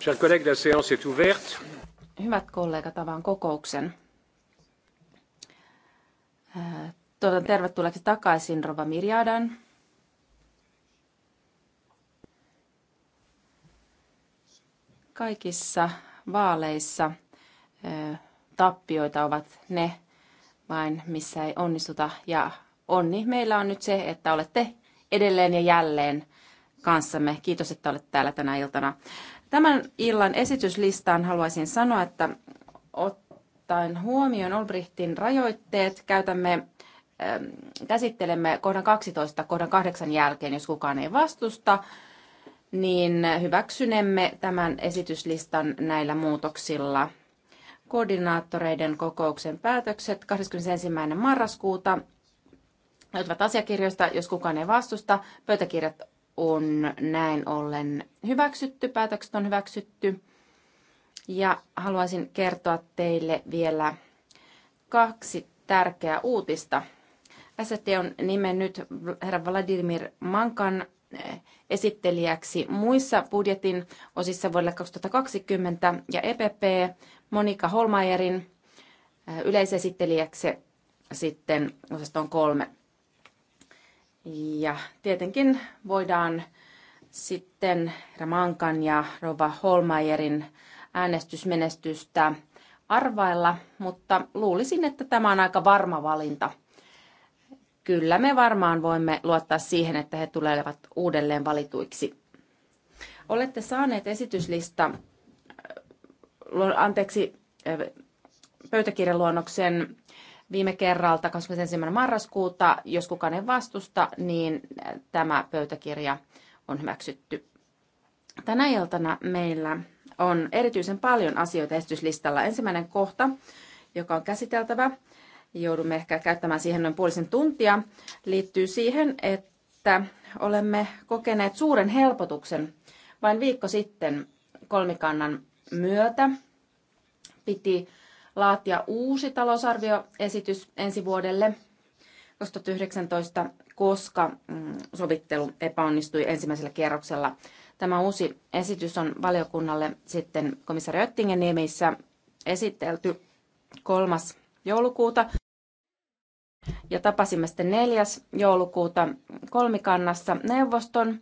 Chers collègues, la séance est ouverte. Hyvät kollegat, avaan kokouksen. Äh, toivotan tervetulleeksi takaisin Rova Mirjadan. Kaikissa vaaleissa äh, tappioita ovat ne vain, missä ei onnistuta. Ja onni meillä on nyt se, että olette edelleen ja jälleen kanssamme. Kiitos, että olette täällä tänä iltana. Tämän illan esityslistaan haluaisin sanoa, että ottaen huomioon Olbrichtin rajoitteet käytämme ähm, käsittelemme kohdan 12 kohdan 8 jälkeen, jos kukaan ei vastusta, niin hyväksynemme tämän esityslistan näillä muutoksilla. Koordinaattoreiden kokouksen päätökset 21. marraskuuta löytyvät asiakirjoista, jos kukaan ei vastusta. Pöytäkirjat on näin ollen hyväksytty, päätökset on hyväksytty. Ja haluaisin kertoa teille vielä kaksi tärkeää uutista. SST on nimennyt herra Vladimir Mankan eh, esittelijäksi muissa budjetin osissa vuodelle 2020 ja EPP Monika Holmajerin eh, yleisesittelijäksi sitten osastoon kolme. Ja tietenkin voidaan sitten Ramankan ja Rova Holmajerin äänestysmenestystä arvailla, mutta luulisin, että tämä on aika varma valinta. Kyllä me varmaan voimme luottaa siihen, että he tulevat uudelleen valituiksi. Olette saaneet esityslista, äh, anteeksi, äh, pöytäkirjaluonnoksen viime kerralta 21. marraskuuta. Jos kukaan ei vastusta, niin tämä pöytäkirja on hyväksytty. Tänä iltana meillä on erityisen paljon asioita esityslistalla. Ensimmäinen kohta, joka on käsiteltävä, joudumme ehkä käyttämään siihen noin puolisen tuntia, liittyy siihen, että olemme kokeneet suuren helpotuksen vain viikko sitten kolmikannan myötä. Piti laatia uusi talousarvioesitys ensi vuodelle 2019, koska mm, sovittelu epäonnistui ensimmäisellä kierroksella. Tämä uusi esitys on valiokunnalle sitten komissaari Oettingen nimissä esitelty 3. joulukuuta. Ja tapasimme sitten 4. joulukuuta kolmikannassa neuvoston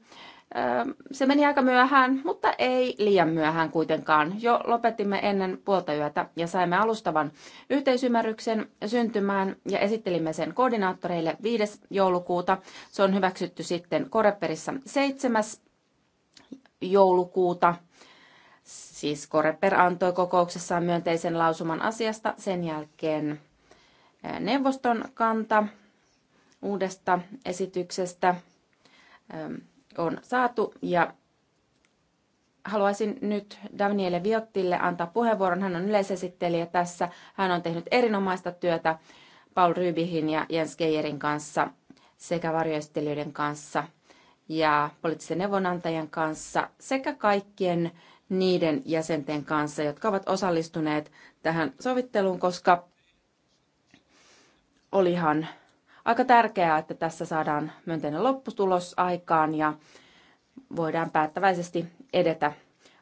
se meni aika myöhään, mutta ei liian myöhään kuitenkaan. Jo lopetimme ennen puolta yötä ja saimme alustavan yhteisymmärryksen syntymään ja esittelimme sen koordinaattoreille 5. joulukuuta. Se on hyväksytty sitten Koreperissa 7. joulukuuta. Siis Koreper antoi kokouksessaan myönteisen lausuman asiasta. Sen jälkeen neuvoston kanta uudesta esityksestä on saatu ja haluaisin nyt Daniele Viottille antaa puheenvuoron. Hän on yleisesittelijä tässä. Hän on tehnyt erinomaista työtä Paul Rybihin ja Jens Geijerin kanssa sekä varjoistelijoiden kanssa ja poliittisen neuvonantajan kanssa sekä kaikkien niiden jäsenten kanssa, jotka ovat osallistuneet tähän sovitteluun, koska olihan aika tärkeää, että tässä saadaan myönteinen lopputulos aikaan ja voidaan päättäväisesti edetä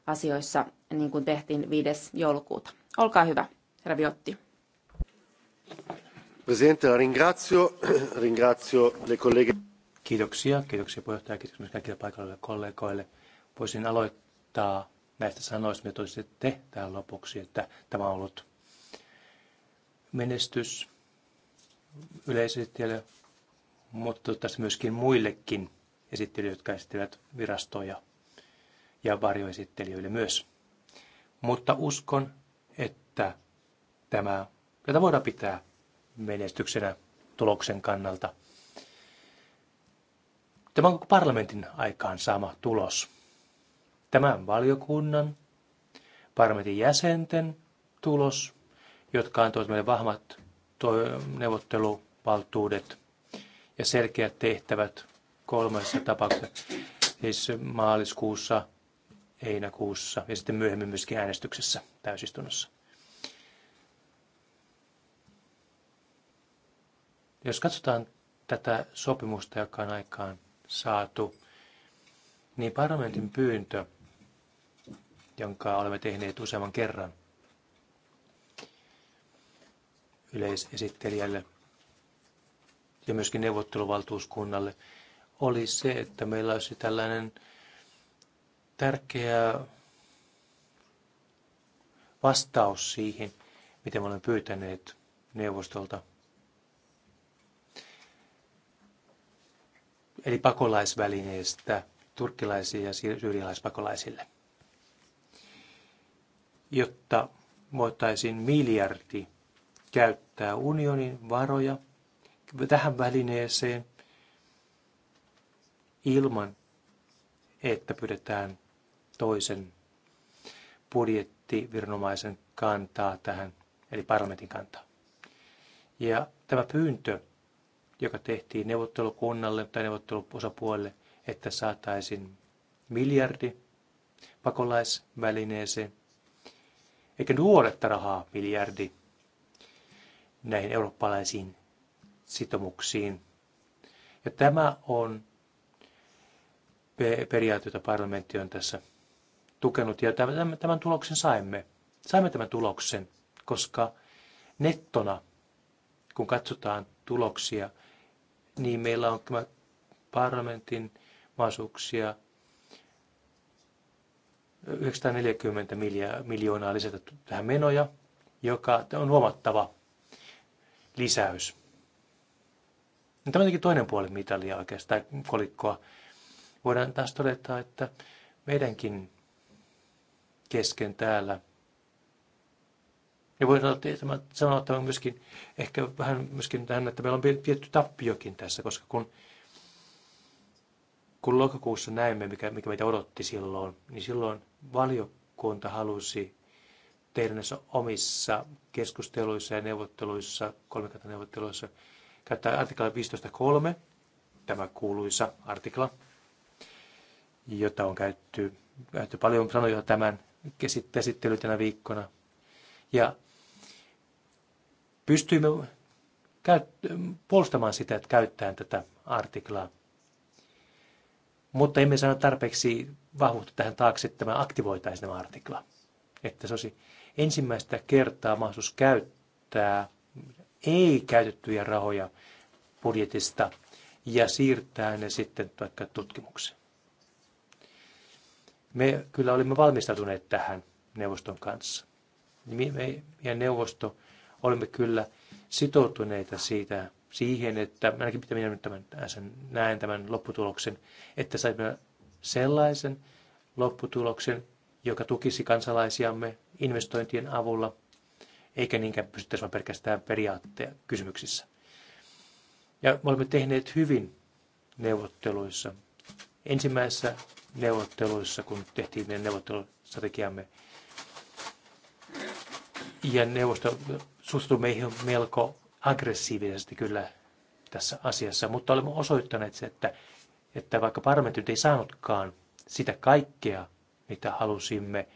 asioissa niin kuin tehtiin 5. joulukuuta. Olkaa hyvä, herra Viotti. Presidente, la ringrazio, ringrazio le colleghe. Kiitoksia, kiitoksia puheenjohtaja, kiitoksia myös kaikille paikalle kollegoille. Voisin aloittaa näistä sanoista, mitä totesitte tähän lopuksi, että tämä on ollut menestys yleisesittelijä, mutta tässä myöskin muillekin esittelijöille, jotka esittelevät virastoja ja varjoesittelijöille myös. Mutta uskon, että tämä, tätä voidaan pitää menestyksenä tuloksen kannalta. Tämä on koko parlamentin aikaan sama tulos. Tämän valiokunnan, parlamentin jäsenten tulos, jotka antoivat meille vahvat neuvotteluvaltuudet ja selkeät tehtävät kolmessa tapauksessa, siis maaliskuussa, heinäkuussa ja sitten myöhemmin myöskin äänestyksessä täysistunnossa. Jos katsotaan tätä sopimusta, joka on aikaan saatu, niin parlamentin pyyntö, jonka olemme tehneet useamman kerran – yleisesittelijälle ja myöskin neuvotteluvaltuuskunnalle oli se, että meillä olisi tällainen tärkeä vastaus siihen, mitä me olemme pyytäneet neuvostolta. Eli pakolaisvälineestä turkkilaisille ja syyrialaispakolaisille, jotta voitaisiin miljardi käyttää unionin varoja tähän välineeseen ilman, että pyydetään toisen budjettiviranomaisen kantaa tähän, eli parlamentin kantaa. Ja tämä pyyntö, joka tehtiin neuvottelukunnalle tai neuvotteluosapuolelle, että saataisiin miljardi pakolaisvälineeseen, eikä nuoretta rahaa miljardi näihin eurooppalaisiin sitomuksiin. Ja tämä on periaate, jota parlamentti on tässä tukenut. Ja tämän, tuloksen saimme. Saimme tämän tuloksen, koska nettona, kun katsotaan tuloksia, niin meillä on tämä parlamentin mahdollisuuksia 940 miljoonaa lisätä tähän menoja, joka on huomattava lisäys. No, tämä on toinen puoli mitalia oikeastaan, kolikkoa. Voidaan taas todeta, että meidänkin kesken täällä ja voidaan sanoa, että on myöskin ehkä vähän myöskin tähän, että meillä on tietty tappiokin tässä, koska kun, kun lokakuussa näimme, mikä, mikä meitä odotti silloin, niin silloin valiokunta halusi teidän näissä omissa keskusteluissa ja neuvotteluissa, kolmikantaneuvotteluissa, käyttää artikla 15.3, tämä kuuluisa artikla, jota on käytetty, käytetty paljon sanoja tämän käsittely tänä viikkona. Ja pystyimme puolustamaan sitä, että käyttäen tätä artiklaa. Mutta emme saa tarpeeksi vahvuutta tähän taakse, että tämä aktivoitaisiin nämä artikla. Että se olisi ensimmäistä kertaa mahdollisuus käyttää ei-käytettyjä rahoja budjetista ja siirtää ne sitten vaikka tutkimukseen. Me kyllä olimme valmistautuneet tähän neuvoston kanssa. Me ja neuvosto olimme kyllä sitoutuneita siitä, siihen, että ainakin pitää minä nyt tämän, sen, näen tämän lopputuloksen, että saimme sellaisen lopputuloksen, joka tukisi kansalaisiamme investointien avulla, eikä niinkään pystyttäisi vain pelkästään periaatteja kysymyksissä. Ja me olemme tehneet hyvin neuvotteluissa. Ensimmäisessä neuvotteluissa, kun tehtiin meidän neuvottelustrategiamme, ja neuvosto suhtautui meihin melko aggressiivisesti kyllä tässä asiassa, mutta olemme osoittaneet se, että, että vaikka parlamentti ei saanutkaan sitä kaikkea, mitä halusimme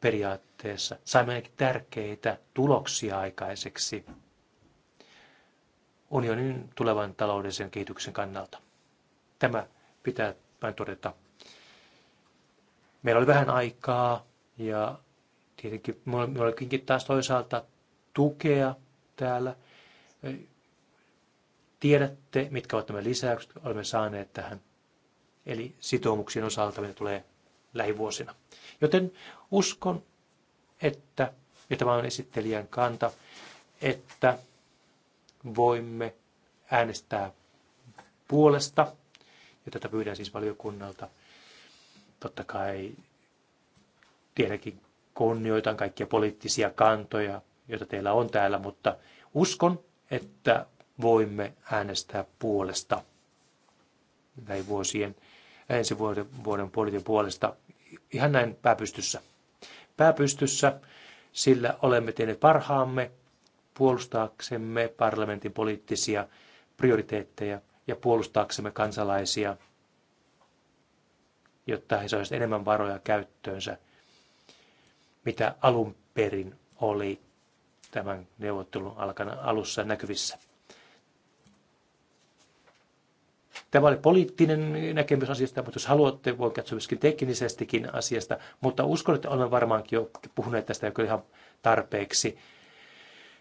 periaatteessa. Saimme ainakin tärkeitä tuloksia aikaiseksi unionin tulevan taloudellisen kehityksen kannalta. Tämä pitää vain todeta. Meillä oli vähän aikaa ja tietenkin minulla olikin taas toisaalta tukea täällä. Tiedätte, mitkä ovat nämä lisäykset, olemme saaneet tähän. Eli sitoumuksien osalta meillä tulee lähivuosina. Joten uskon, että, ja tämä on esittelijän kanta, että voimme äänestää puolesta, ja tätä pyydän siis valiokunnalta. Totta kai tietenkin kunnioitan kaikkia poliittisia kantoja, joita teillä on täällä, mutta uskon, että voimme äänestää puolesta näin vuosien, ensi vuoden, vuoden puolesta ihan näin pääpystyssä. Pääpystyssä, sillä olemme tehneet parhaamme puolustaaksemme parlamentin poliittisia prioriteetteja ja puolustaaksemme kansalaisia, jotta he saisivat enemmän varoja käyttöönsä, mitä alun perin oli tämän neuvottelun alkana alussa näkyvissä. Tämä oli poliittinen näkemys asiasta, mutta jos haluatte, voin katsoa myöskin teknisestikin asiasta, mutta uskon, että olemme varmaankin jo puhuneet tästä kyllä ihan tarpeeksi.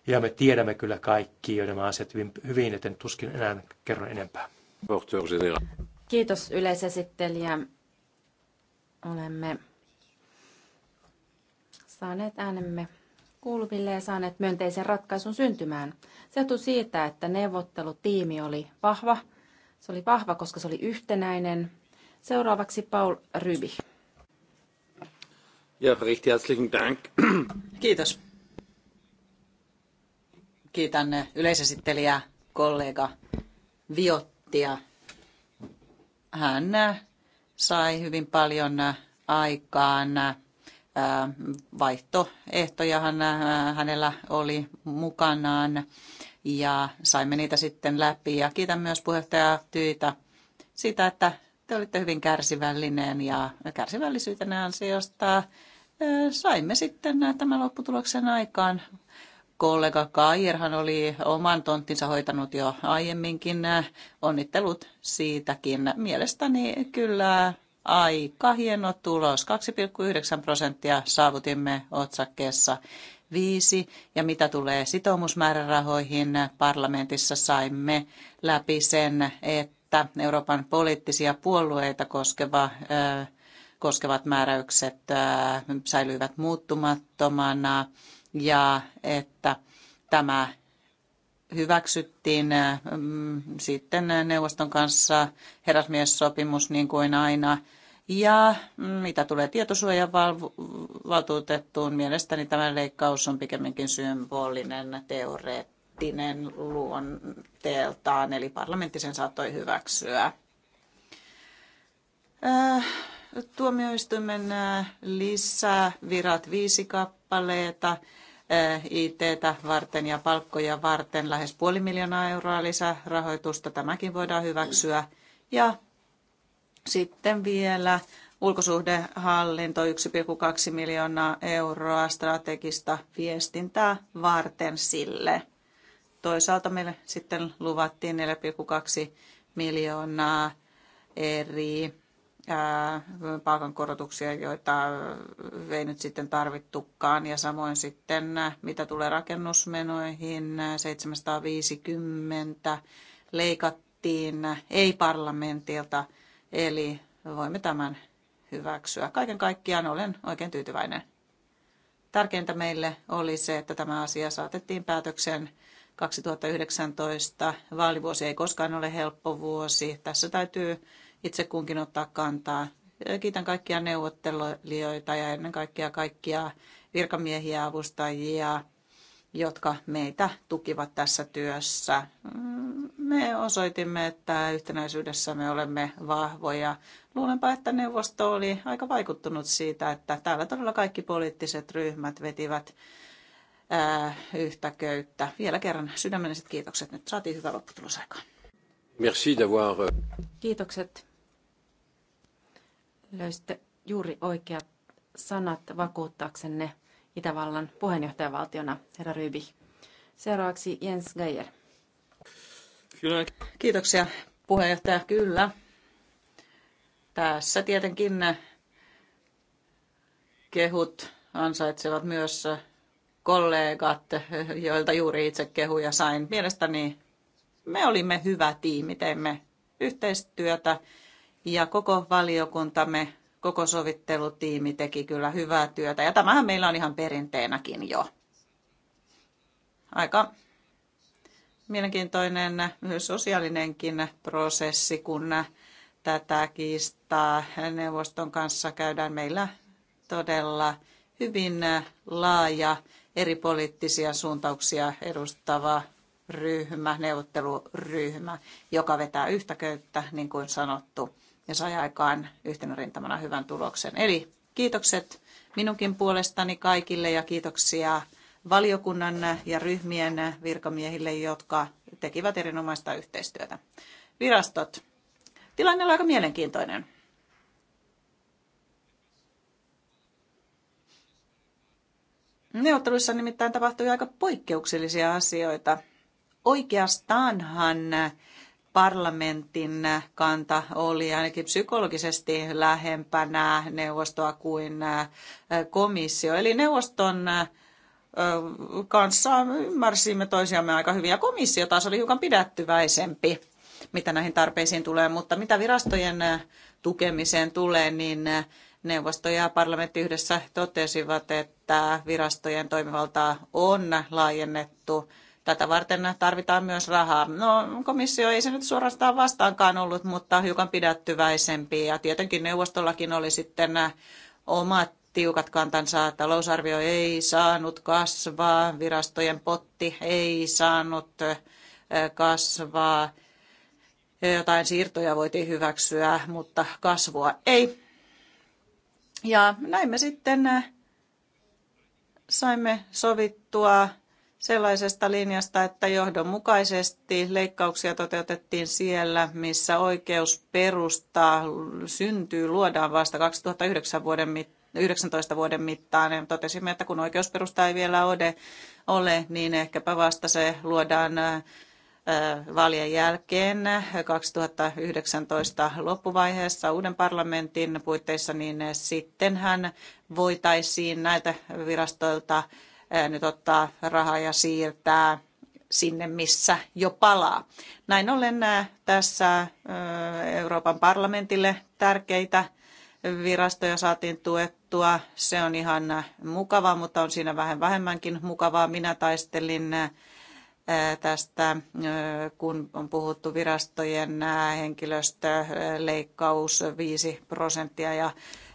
Ja me tiedämme kyllä kaikki jo nämä asiat hyvin, hyvin joten tuskin enää kerron enempää. Kiitos yleisesittelijä. Olemme saaneet äänemme kuuluville ja saaneet myönteisen ratkaisun syntymään. Se siitä, että neuvottelutiimi oli vahva – se oli vahva, koska se oli yhtenäinen. Seuraavaksi Paul Ryby. Ja, recht herzlichen Dank. Kiitos. Kiitän yleisesittelijä kollega Viottia. Hän äh, sai hyvin paljon äh, aikaan äh, vaihtoehtojahan hänellä oli mukanaan ja saimme niitä sitten läpi. Ja kiitän myös puheenjohtaja Tyitä siitä, että te olitte hyvin kärsivällinen ja kärsivällisyyden ansiosta saimme sitten tämän lopputuloksen aikaan. Kollega Kairhan oli oman tonttinsa hoitanut jo aiemminkin. Onnittelut siitäkin. Mielestäni kyllä aika hieno tulos. 2,9 prosenttia saavutimme otsakkeessa viisi. Ja mitä tulee sitoumusmäärärahoihin, parlamentissa saimme läpi sen, että Euroopan poliittisia puolueita koskeva koskevat määräykset säilyivät muuttumattomana ja että tämä hyväksyttiin mm, sitten neuvoston kanssa herrasmiessopimus niin kuin aina ja mitä tulee tietosuojan valtuutettuun, mielestäni tämä leikkaus on pikemminkin symbolinen, teoreettinen luonteeltaan, eli parlamentti sen saattoi hyväksyä. Äh, tuomioistuimen äh, lisää virat viisi kappaleita. Äh, it varten ja palkkoja varten lähes puoli miljoonaa euroa lisärahoitusta. Tämäkin voidaan hyväksyä. Ja sitten vielä ulkosuhdehallinto 1,2 miljoonaa euroa strategista viestintää varten sille. Toisaalta meille sitten luvattiin 4,2 miljoonaa eri palkankorotuksia, joita ei nyt sitten tarvittukaan. Ja samoin sitten, mitä tulee rakennusmenoihin, 750 leikattiin ei-parlamentilta Eli voimme tämän hyväksyä. Kaiken kaikkiaan olen oikein tyytyväinen. Tärkeintä meille oli se, että tämä asia saatettiin päätökseen 2019. Vaalivuosi ei koskaan ole helppo vuosi. Tässä täytyy itse kunkin ottaa kantaa. Kiitän kaikkia neuvottelijoita ja ennen kaikkea kaikkia virkamiehiä, avustajia, jotka meitä tukivat tässä työssä. Mm, me osoitimme, että yhtenäisyydessä me olemme vahvoja. Luulenpa, että neuvosto oli aika vaikuttunut siitä, että täällä todella kaikki poliittiset ryhmät vetivät ää, yhtä köyttä. Vielä kerran sydämelliset kiitokset. Nyt saatiin hyvä lopputulos aikaan. Merci d'avoir... Euh, kiitokset. Löysitte juuri oikeat sanat vakuuttaaksenne Itävallan puheenjohtajavaltiona, herra Ryby. Seuraavaksi Jens Geier. Kiitoksia puheenjohtaja. Kyllä. Tässä tietenkin kehut ansaitsevat myös kollegat, joilta juuri itse kehuja sain. Mielestäni me olimme hyvä tiimi, teimme yhteistyötä ja koko valiokuntamme koko sovittelutiimi teki kyllä hyvää työtä. Ja tämähän meillä on ihan perinteenäkin jo. Aika mielenkiintoinen sosiaalinenkin prosessi, kun tätä kiistaa neuvoston kanssa käydään meillä todella hyvin laaja eri poliittisia suuntauksia edustava ryhmä, neuvotteluryhmä, joka vetää yhtä köyttä, niin kuin sanottu ja sai aikaan yhtenä rintamana hyvän tuloksen. Eli kiitokset minunkin puolestani kaikille ja kiitoksia valiokunnan ja ryhmien virkamiehille, jotka tekivät erinomaista yhteistyötä. Virastot. Tilanne on aika mielenkiintoinen. Neuvotteluissa nimittäin tapahtui aika poikkeuksellisia asioita. Oikeastaanhan parlamentin kanta oli ainakin psykologisesti lähempänä neuvostoa kuin äh, komissio. Eli neuvoston äh, kanssa ymmärsimme toisiamme aika hyvin ja komissio taas oli hiukan pidättyväisempi, mitä näihin tarpeisiin tulee, mutta mitä virastojen äh, tukemiseen tulee, niin neuvosto ja parlamentti yhdessä totesivat, että virastojen toimivaltaa on laajennettu Tätä varten tarvitaan myös rahaa. No, komissio ei se nyt suorastaan vastaankaan ollut, mutta hiukan pidättyväisempi. Ja tietenkin neuvostollakin oli sitten äh, omat tiukat kantansa. Talousarvio ei saanut kasvaa, virastojen potti ei saanut äh, kasvaa. Jotain siirtoja voitiin hyväksyä, mutta kasvua ei. Ja näin me sitten äh, saimme sovittua sellaisesta linjasta, että johdonmukaisesti leikkauksia toteutettiin siellä, missä oikeus perustaa syntyy, luodaan vasta 2009 vuoden mittaan 19 vuoden mittaan. Ja totesimme, että kun oikeusperusta ei vielä ole, ole niin ehkäpä vasta se luodaan vaalien jälkeen 2019 loppuvaiheessa uuden parlamentin puitteissa, niin sittenhän voitaisiin näitä virastoilta nyt ottaa rahaa ja siirtää sinne, missä jo palaa. Näin ollen tässä Euroopan parlamentille tärkeitä virastoja saatiin tuettua. Se on ihan mukavaa, mutta on siinä vähän vähemmänkin mukavaa. Minä taistelin tästä, kun on puhuttu virastojen henkilöstöleikkaus 5 prosenttia ja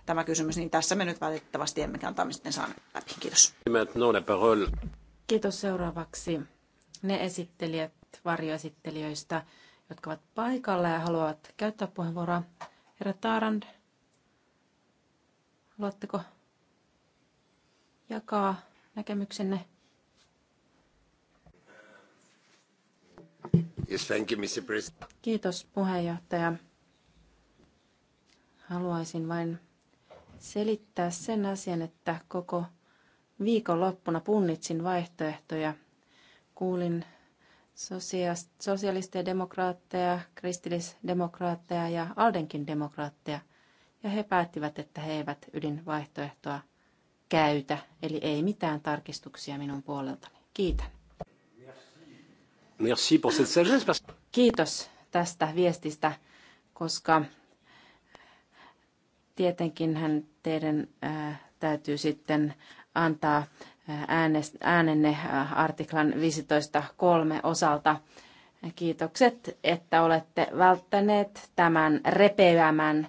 tämä kysymys, niin tässä me nyt valitettavasti kantaa me sitten saaneet läpi. Kiitos. No, Kiitos seuraavaksi ne esittelijät varjoesittelijöistä, jotka ovat paikalla ja haluavat käyttää puheenvuoroa. Herra Taarand, haluatteko jakaa näkemyksenne? Yes, thank you, Mr. President. Kiitos puheenjohtaja. Haluaisin vain selittää sen asian, että koko viikonloppuna punnitsin vaihtoehtoja. Kuulin sosialisteja demokraatteja, kristillisdemokraatteja ja Aldenkin demokraatteja, ja he päättivät, että he eivät ydinvaihtoehtoa käytä, eli ei mitään tarkistuksia minun puoleltani. Kiitän. Kiitos tästä viestistä, koska hän teidän äh, täytyy sitten antaa äh, äänenne äh, artiklan 15.3 osalta. Kiitokset, että olette välttäneet tämän repeämän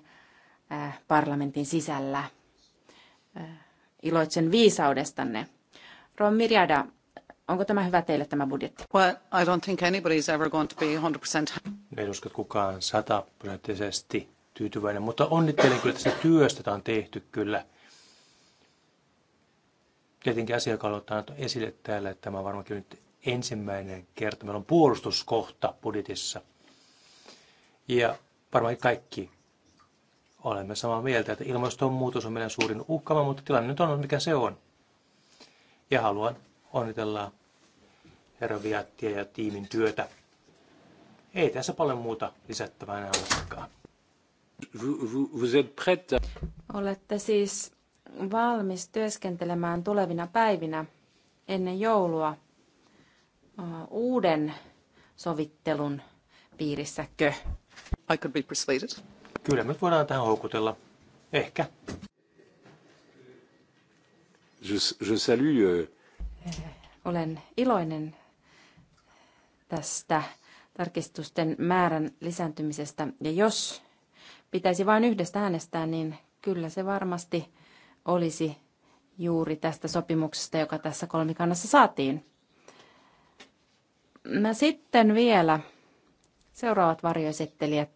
parlamentin sisällä. Iloitsen viisaudestanne. Ron Mirjada, onko tämä hyvä teille tämä budjetti? Well, I don't think anybody's ever going to be 100%. En usko, että kukaan sataprosenttisesti tyytyväinen, mutta onnittelen kyllä tästä työstä, jota on tehty kyllä. Tietenkin asiakkaalla on esille täällä, että tämä on varmaankin nyt ensimmäinen kerta. Meillä on puolustuskohta budjetissa. Ja varmaan kaikki olemme samaa mieltä, että ilmastonmuutos on meidän suurin uhkama, mutta tilanne nyt on, mikä se on. Ja haluan onnitella herra Viattia ja tiimin työtä. Ei tässä paljon muuta lisättävää enää olekaan. Olette siis valmis työskentelemään tulevina päivinä ennen joulua uuden sovittelun piirissäkö? I could be persuaded. Kyllä me voidaan tähän houkutella. Ehkä. Je, je salue. Euh, eh, olen iloinen tästä tarkistusten määrän lisääntymisestä. Ja jos pitäisi vain yhdestä äänestää, niin kyllä se varmasti olisi juuri tästä sopimuksesta, joka tässä kolmikannassa saatiin. Mä sitten vielä seuraavat varjoesittelijät.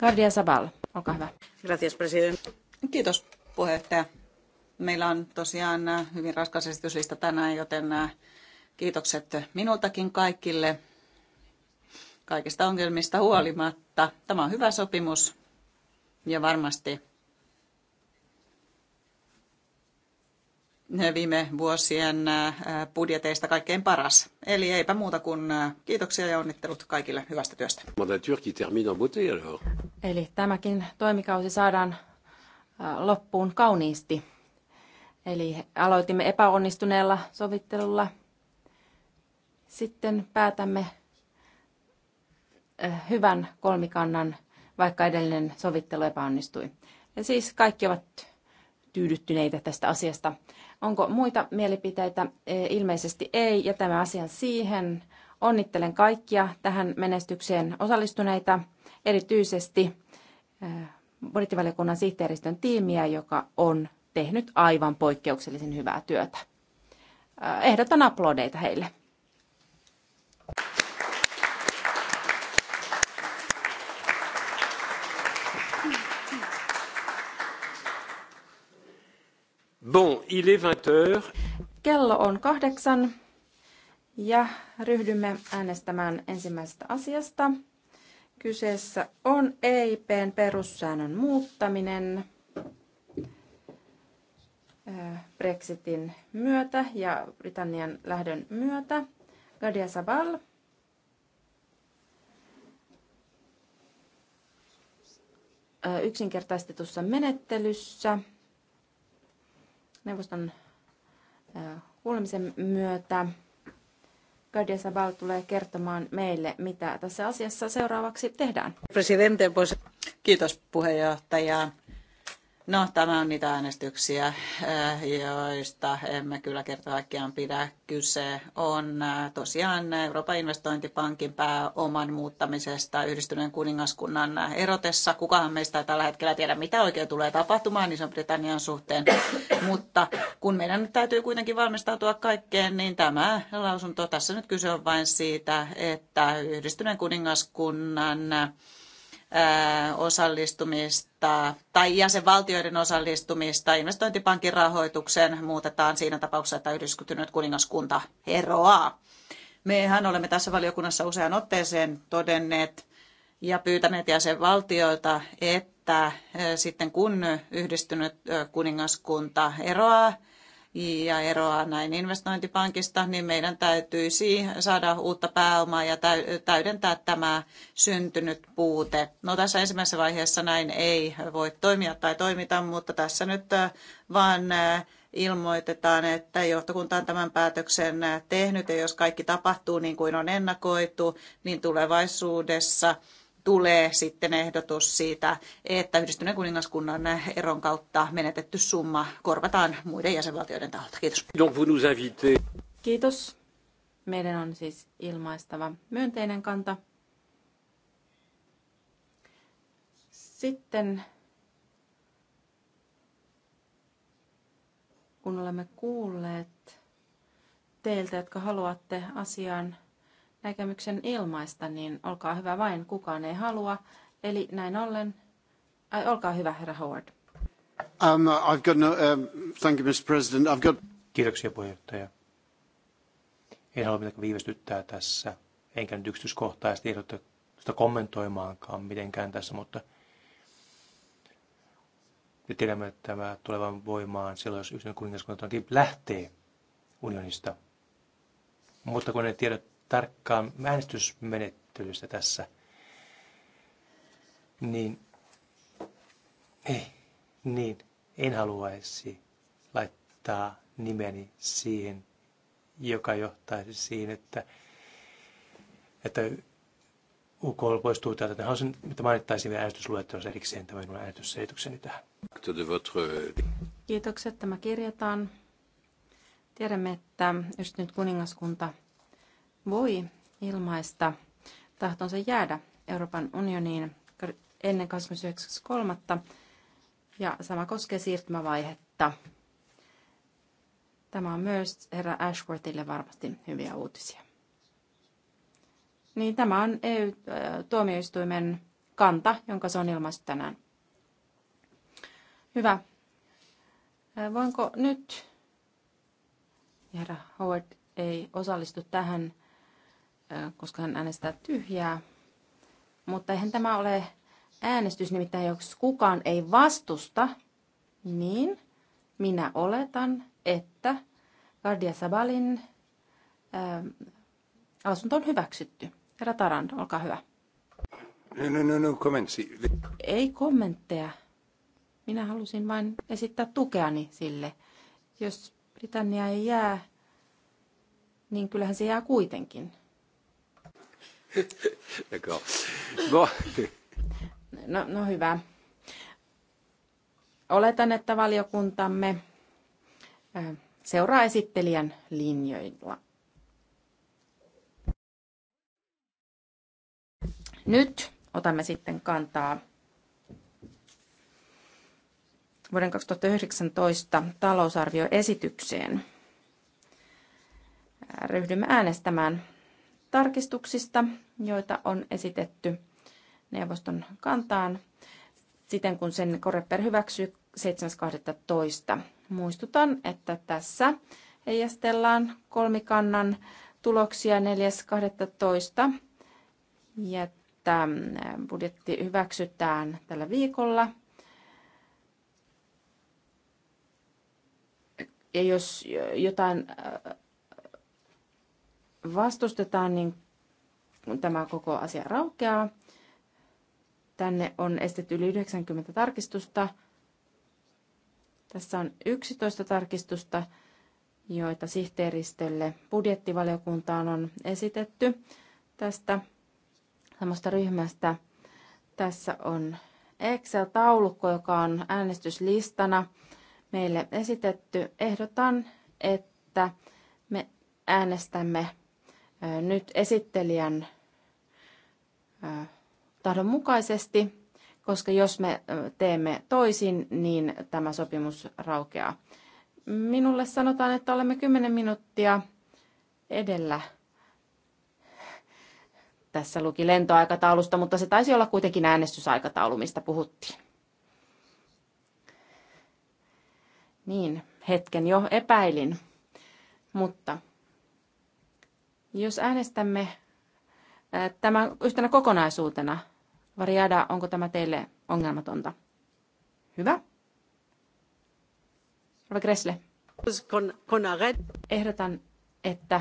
Gardia Sabal, olkaa hyvä. Gracias, president. Kiitos, puheenjohtaja. Meillä on tosiaan äh, hyvin raskas esityslista tänään, joten äh, kiitokset minultakin kaikille kaikista ongelmista huolimatta. Tämä on hyvä sopimus, ja varmasti viime vuosien äh, budjeteista kaikkein paras. Eli eipä muuta kuin äh, kiitoksia ja onnittelut kaikille hyvästä työstä. Eli tämäkin toimikausi saadaan äh, loppuun kauniisti. Eli aloitimme epäonnistuneella sovittelulla. Sitten päätämme hyvän kolmikannan vaikka edellinen sovittelu epäonnistui. Ja siis kaikki ovat tyydyttyneitä tästä asiasta. Onko muita mielipiteitä? E, ilmeisesti ei, ja tämä asia siihen. Onnittelen kaikkia tähän menestykseen osallistuneita, erityisesti e, budjettivaliokunnan sihteeristön tiimiä, joka on tehnyt aivan poikkeuksellisen hyvää työtä. E, Ehdotan aplodeita heille. il est 20 heures. Kello on kahdeksan ja ryhdymme äänestämään ensimmäisestä asiasta. Kyseessä on EIPn perussäännön muuttaminen Brexitin myötä ja Britannian lähdön myötä. Gadia Sabal. Yksinkertaistetussa menettelyssä – neuvoston kuulemisen myötä Gardia Sabal tulee kertomaan meille, mitä tässä asiassa seuraavaksi tehdään. Presidente, Kiitos puheenjohtaja. No, tämä on niitä äänestyksiä, eh, joista emme kyllä kerta kaikkiaan pidä. Kyse on eh, tosiaan Euroopan investointipankin pääoman muuttamisesta yhdistyneen kuningaskunnan erotessa. Kukahan meistä ei tällä hetkellä tiedä, mitä oikein tulee tapahtumaan niin britannian suhteen. Mutta kun meidän nyt täytyy kuitenkin valmistautua kaikkeen, niin tämä lausunto tässä nyt kyse on vain siitä, että yhdistyneen kuningaskunnan osallistumista tai jäsenvaltioiden osallistumista investointipankin rahoitukseen muutetaan siinä tapauksessa, että yhdistynyt kuningaskunta eroaa. Mehän olemme tässä valiokunnassa usean otteeseen todenneet ja pyytäneet jäsenvaltioita, että sitten kun yhdistynyt kuningaskunta eroaa, ja eroaa näin investointipankista, niin meidän täytyy saada uutta pääomaa ja täydentää tämä syntynyt puute. No tässä ensimmäisessä vaiheessa näin ei voi toimia tai toimita, mutta tässä nyt äh, vaan äh, ilmoitetaan, että johtokunta on tämän päätöksen äh, tehnyt ja jos kaikki tapahtuu niin kuin on ennakoitu, niin tulevaisuudessa – tulee sitten ehdotus siitä, että yhdistyneen kuningaskunnan eron kautta menetetty summa korvataan muiden jäsenvaltioiden taholta. Kiitos. Kiitos. Meidän on siis ilmaistava myönteinen kanta. Sitten kun olemme kuulleet teiltä, jotka haluatte asiaan näkemyksen ilmaista, niin olkaa hyvä vain, kukaan ei halua. Eli näin ollen, ai, olkaa hyvä, herra Howard. Um, I've got no, um, thank you, Mr. President. I've got... Kiitoksia, puheenjohtaja. En halua mitenkään viivästyttää tässä, enkä nyt yksityiskohtaisesti ehdota sitä kommentoimaankaan mitenkään tässä, mutta me tiedämme, että tämä tulevan voimaan silloin, jos yhdistön kuningaskunta lähtee unionista. Mutta kun ne tiedä tarkkaan äänestysmenettelystä tässä, niin, ei, niin en haluaisi laittaa nimeni siihen, joka johtaisi siihen, että, että UK poistuu täältä. Mä haluaisin, että vielä äänestysluettelossa erikseen tämä minun äänestysselitykseni tähän. Kiitokset, tämä kirjataan. Tiedämme, että just nyt kuningaskunta voi ilmaista tahtonsa jäädä Euroopan unioniin ennen 29.3. Ja sama koskee siirtymävaihetta. Tämä on myös herra Ashworthille varmasti hyviä uutisia. Niin tämä on EU-tuomioistuimen äh, kanta, jonka se on ilmaissut tänään. Hyvä. Äh, voinko nyt, herra Howard ei osallistu tähän koska hän äänestää tyhjää. Mutta eihän tämä ole äänestys, nimittäin jos kukaan ei vastusta, niin minä oletan, että Gardia Sabalin ää, on hyväksytty. Herra Tarand, olkaa hyvä. No, no, no, no kommentti. Ei kommentteja. Minä halusin vain esittää tukeani sille. Jos Britannia ei jää, niin kyllähän se jää kuitenkin. D'accord. Bon. No. no, no hyvä. Oletan, että valiokuntamme seuraa esittelijän linjoilla. Nyt otamme sitten kantaa vuoden 2019 talousarvioesitykseen. Ryhdymme äänestämään tarkistuksista, joita on esitetty neuvoston kantaan siten, kun sen Koreper hyväksyy 7.12. Muistutan, että tässä heijastellaan kolmikannan tuloksia 4.12. Ja että mm, budjetti hyväksytään tällä viikolla. Ja jos jotain äh, vastustetaan, niin tämä koko asia raukeaa. Tänne on estetty yli 90 tarkistusta. Tässä on 11 tarkistusta, joita sihteeristölle budjettivaliokuntaan on esitetty tästä samasta ryhmästä. Tässä on Excel-taulukko, joka on äänestyslistana meille esitetty. Ehdotan, että me äänestämme nyt esittelijän tahdon mukaisesti, koska jos me teemme toisin, niin tämä sopimus raukeaa. Minulle sanotaan, että olemme 10 minuuttia edellä. Tässä luki lentoaikataulusta, mutta se taisi olla kuitenkin äänestysaikataulu, mistä puhuttiin. Niin, hetken jo epäilin, mutta jos äänestämme tämän yhtenä kokonaisuutena, Variada, onko tämä teille ongelmatonta? Hyvä. Rova Gressle. Ehdotan, että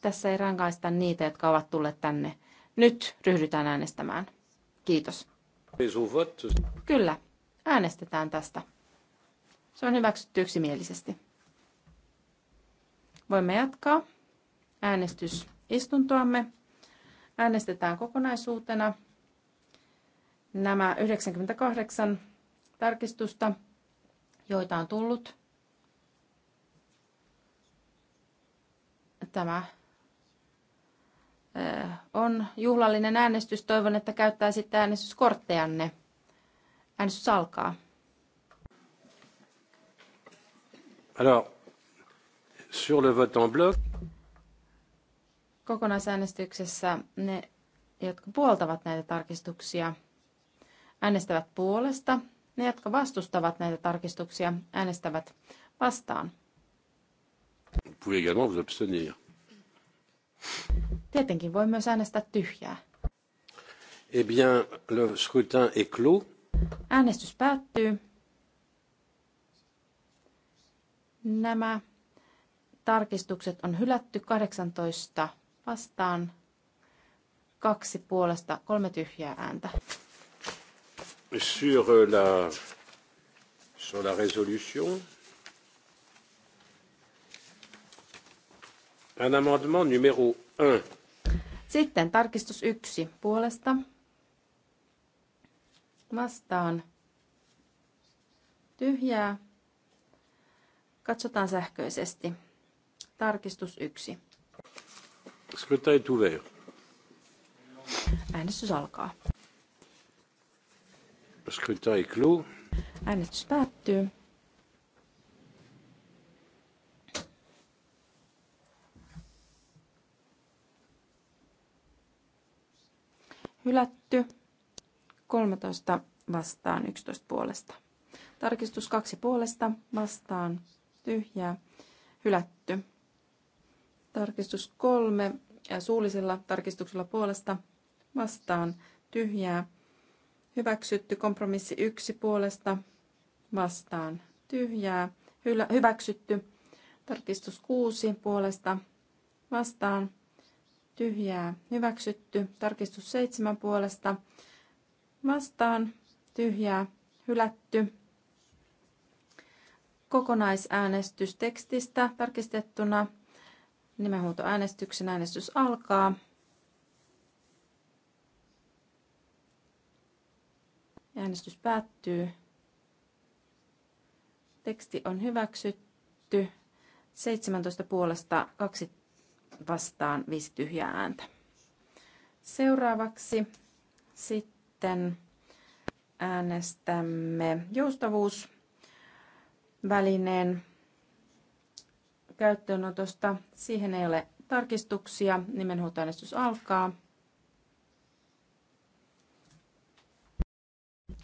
tässä ei rankaista niitä, jotka ovat tulleet tänne. Nyt ryhdytään äänestämään. Kiitos. Kyllä, äänestetään tästä. Se on hyväksytty yksimielisesti. Voimme jatkaa äänestysistuntoamme. Äänestetään kokonaisuutena nämä 98 tarkistusta, joita on tullut. Tämä eh, on juhlallinen äänestys. Toivon, että käyttäisitte äänestyskorttejanne. Äänestys alkaa. Alors, sur le vote en bloc kokonaisäänestyksessä ne, jotka puoltavat näitä tarkistuksia, äänestävät puolesta. Ne, jotka vastustavat näitä tarkistuksia, äänestävät vastaan. Vous Tietenkin voi myös äänestää tyhjää. Eh bien, le scrutin est clos. Äänestys päättyy. Nämä tarkistukset on hylätty 18 vastaan kaksi puolesta, kolme tyhjää ääntä. Sur euh, la, sur la résolution, un amendement numéro 1. Sitten tarkistus yksi puolesta. Vastaan tyhjää. Katsotaan sähköisesti. Tarkistus yksi. Scrutin est ouvert. Äänestys alkaa. Scrutin est clos. Äänestys päättyy. Hylätty. 13 vastaan 11 puolesta. Tarkistus 2 puolesta vastaan tyhjää. Hylätty. Tarkistus kolme ja suullisella tarkistuksella puolesta vastaan tyhjää. Hyväksytty kompromissi yksi puolesta vastaan tyhjää. Hylä, hyväksytty tarkistus kuusi puolesta vastaan tyhjää. Hyväksytty tarkistus seitsemän puolesta vastaan tyhjää. Hylätty kokonaisäänestys tekstistä tarkistettuna Nimenhuutoäänestyksen äänestys alkaa. Äänestys päättyy. Teksti on hyväksytty. 17 puolesta, 2 vastaan, 5 tyhjää ääntä. Seuraavaksi sitten äänestämme joustavuusvälineen käyttöönotosta. Siihen ei ole tarkistuksia. Nimenhuutoäänestys alkaa.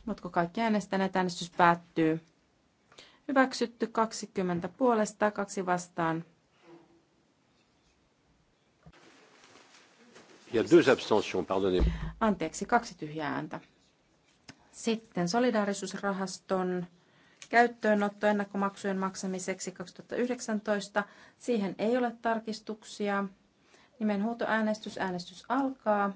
Oletko kaikki äänestäneet? Äänestys päättyy. Hyväksytty 20 puolesta, 2 vastaan. Ja Anteeksi, kaksi tyhjää ääntä. Sitten solidaarisuusrahaston käyttöönotto ennakkomaksujen maksamiseksi 2019. Siihen ei ole tarkistuksia. Nimenhuutoäänestys. Äänestys alkaa.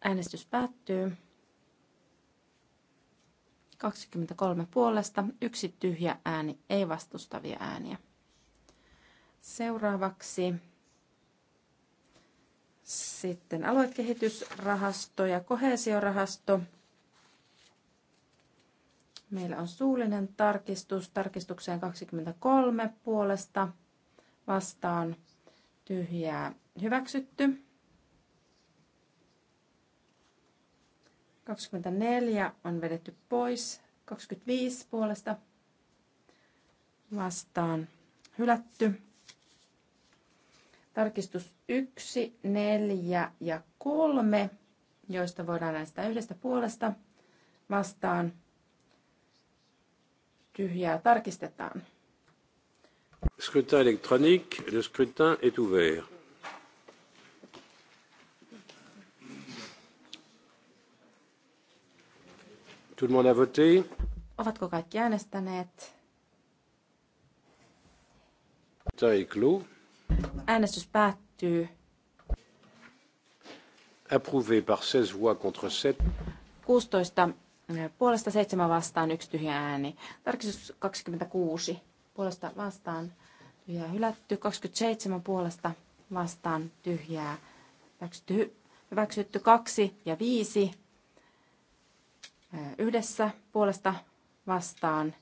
Äänestys päättyy. 23 puolesta, yksi tyhjä ääni, ei vastustavia ääniä. Seuraavaksi sitten aluekehitysrahasto ja kohesiorahasto. Meillä on suullinen tarkistus tarkistukseen 23 puolesta vastaan tyhjää hyväksytty. 24 on vedetty pois. 25 puolesta vastaan hylätty. Tarkistus 1, 4 ja 3, joista voidaan näistä yhdestä puolesta vastaan. Tyhjää tarkistetaan. Scrutin électronique, le scrutin est ouvert. Tout le monde a voté? Ovatko kaikki äänestäneet? Scrutin est clos. Äänestys päättyy. Approuvé par 16 voix contre 7. 16 eh, puolesta 7 vastaan, yksi tyhjä ääni. Tarkistus 26 puolesta vastaan, tyhjää hylätty. 27 puolesta vastaan, tyhjää hyväksytty. Hyväksytty 2 ja 5 eh, yhdessä puolesta vastaan,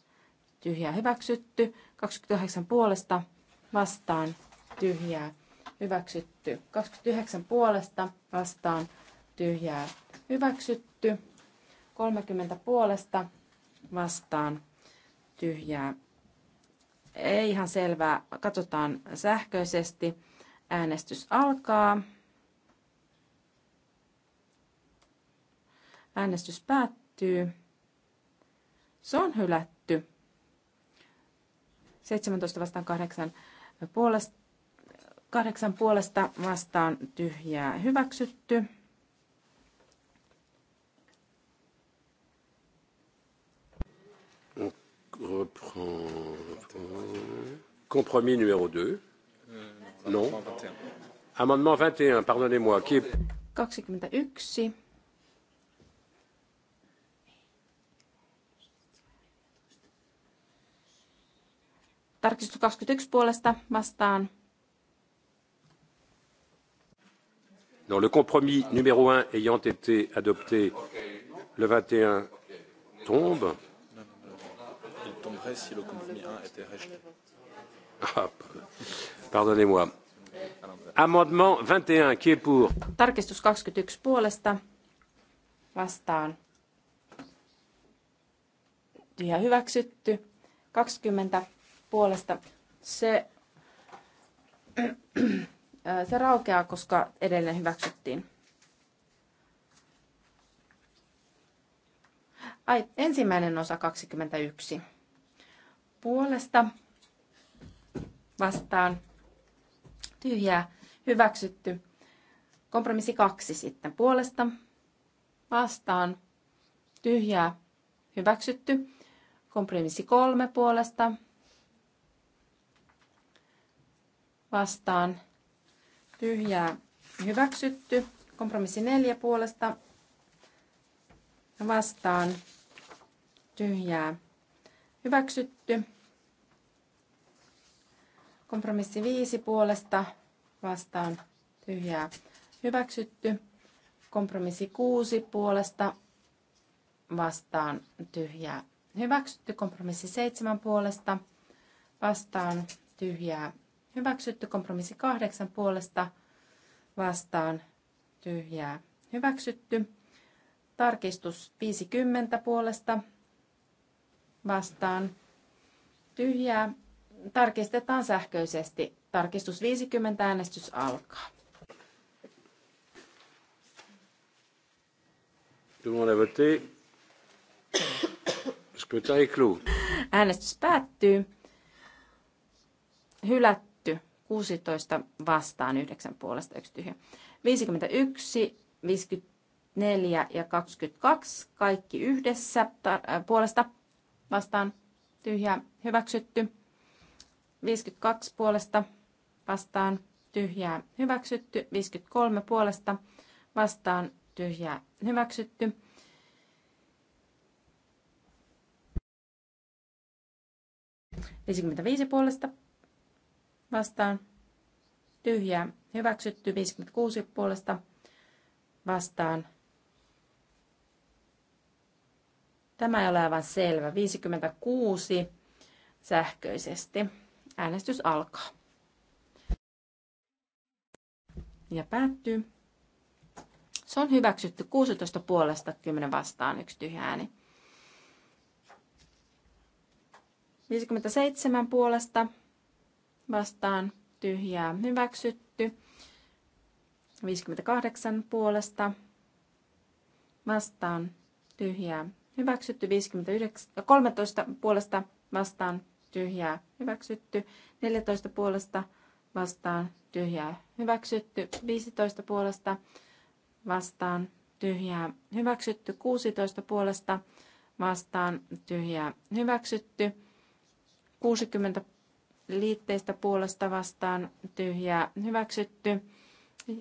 tyhjää hyväksytty. 28 puolesta vastaan, tyhjää, hyväksytty. 29 puolesta vastaan tyhjää, hyväksytty. 30 puolesta vastaan tyhjää. Ei ihan selvää. Katsotaan sähköisesti. Äänestys alkaa. Äänestys päättyy. Se on hylätty. 17 vastaan 8 puolesta Kahdeksan puolesta vastaan tyhjää hyväksytty. On reprend. Compromis numéro 2. Euh, non. Amendement 21, pardonnez-moi. Qui 21. Tarkistus 21 puolesta vastaan Non, le compromis numéro 1 ayant été adopté, le 21 tombe. Il tomberait si le compromis 1 était rejeté. Ah, pardonnez-moi. Amendement 21, qui est pour? Tarkistus 21 puolesta vastaan. Ja hyväksytty. 20 puolesta. Se se raukeaa, koska edelleen hyväksyttiin. Ai, ensimmäinen osa 21. Puolesta vastaan tyhjää hyväksytty. Kompromissi kaksi sitten puolesta vastaan tyhjää hyväksytty. Kompromissi kolme puolesta vastaan tyhjää hyväksytty. Kompromissi neljä puolesta vastaan tyhjää hyväksytty. Kompromissi viisi puolesta vastaan tyhjää hyväksytty. Kompromissi kuusi puolesta vastaan tyhjää hyväksytty. Kompromissi seitsemän puolesta vastaan tyhjää Hyväksytty kompromissi kahdeksan puolesta vastaan tyhjää. Hyväksytty. Tarkistus 50 puolesta vastaan tyhjää. Tarkistetaan sähköisesti. Tarkistus 50 äänestys alkaa. Äänestys päättyy. Hylätty 16 vastaan 9 puolesta 1 tyhjä. 51, 54 ja 22 kaikki yhdessä tar- äh, puolesta vastaan tyhjää hyväksytty. 52 puolesta vastaan tyhjää hyväksytty. 53 puolesta vastaan tyhjää hyväksytty. 55 puolesta vastaan tyhjää hyväksytty 56 puolesta vastaan. Tämä ei ole aivan selvä. 56 sähköisesti. Äänestys alkaa. Ja päättyy. Se on hyväksytty 16 puolesta 10 vastaan yksi tyhjä ääni. 57 puolesta vastaan tyhjää hyväksytty. 58 puolesta vastaan tyhjää hyväksytty. 59, 13 puolesta vastaan tyhjää hyväksytty. 14 puolesta vastaan tyhjää hyväksytty. 15 puolesta vastaan tyhjää hyväksytty. 16 puolesta vastaan tyhjää hyväksytty. 60 liitteistä puolesta vastaan tyhjää hyväksytty.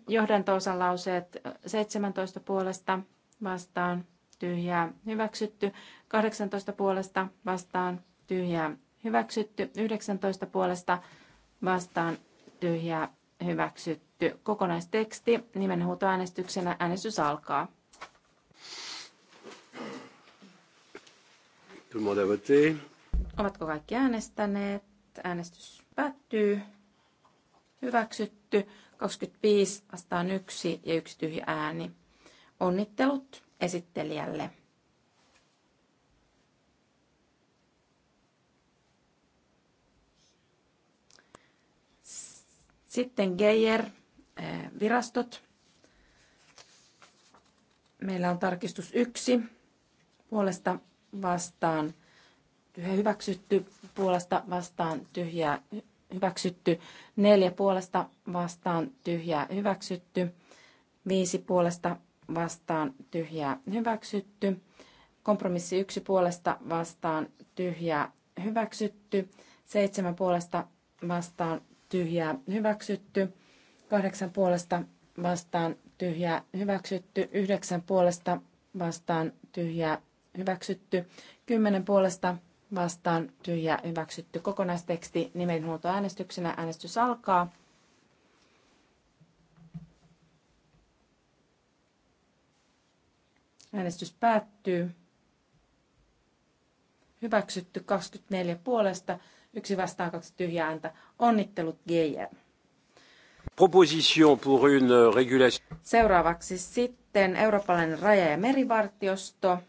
Johdantoosan lauseet 17 puolesta vastaan tyhjää hyväksytty. 18 puolesta vastaan tyhjää hyväksytty. 19 puolesta vastaan tyhjää hyväksytty. Kokonaisteksti nimenhuutoäänestyksenä äänestys alkaa. Ovatko kaikki äänestäneet? Äänestys päättyy. Hyväksytty. 25 vastaan yksi ja yksi tyhjä ääni. Onnittelut esittelijälle. Sitten Geijer, eh, virastot. Meillä on tarkistus yksi puolesta vastaan hyväksytty puolesta vastaan tyhjää hyväksytty, neljä puolesta vastaan tyhjää hyväksytty, viisi puolesta vastaan tyhjää hyväksytty, kompromissi yksi puolesta vastaan tyhjää hyväksytty, seitsemän puolesta vastaan tyhjää hyväksytty, kahdeksan puolesta vastaan tyhjää hyväksytty, yhdeksän puolesta vastaan tyhjää hyväksytty, kymmenen puolesta vastaan tyhjä hyväksytty. Kokonaisteksti nimenhuoltoäänestyksenä. Äänestys alkaa. Äänestys päättyy. Hyväksytty 24 puolesta, yksi vastaan kaksi tyhjää ääntä. Onnittelut GM. Proposition pour une régulation. Seuraavaksi sitten eurooppalainen raja- ja merivartiosto.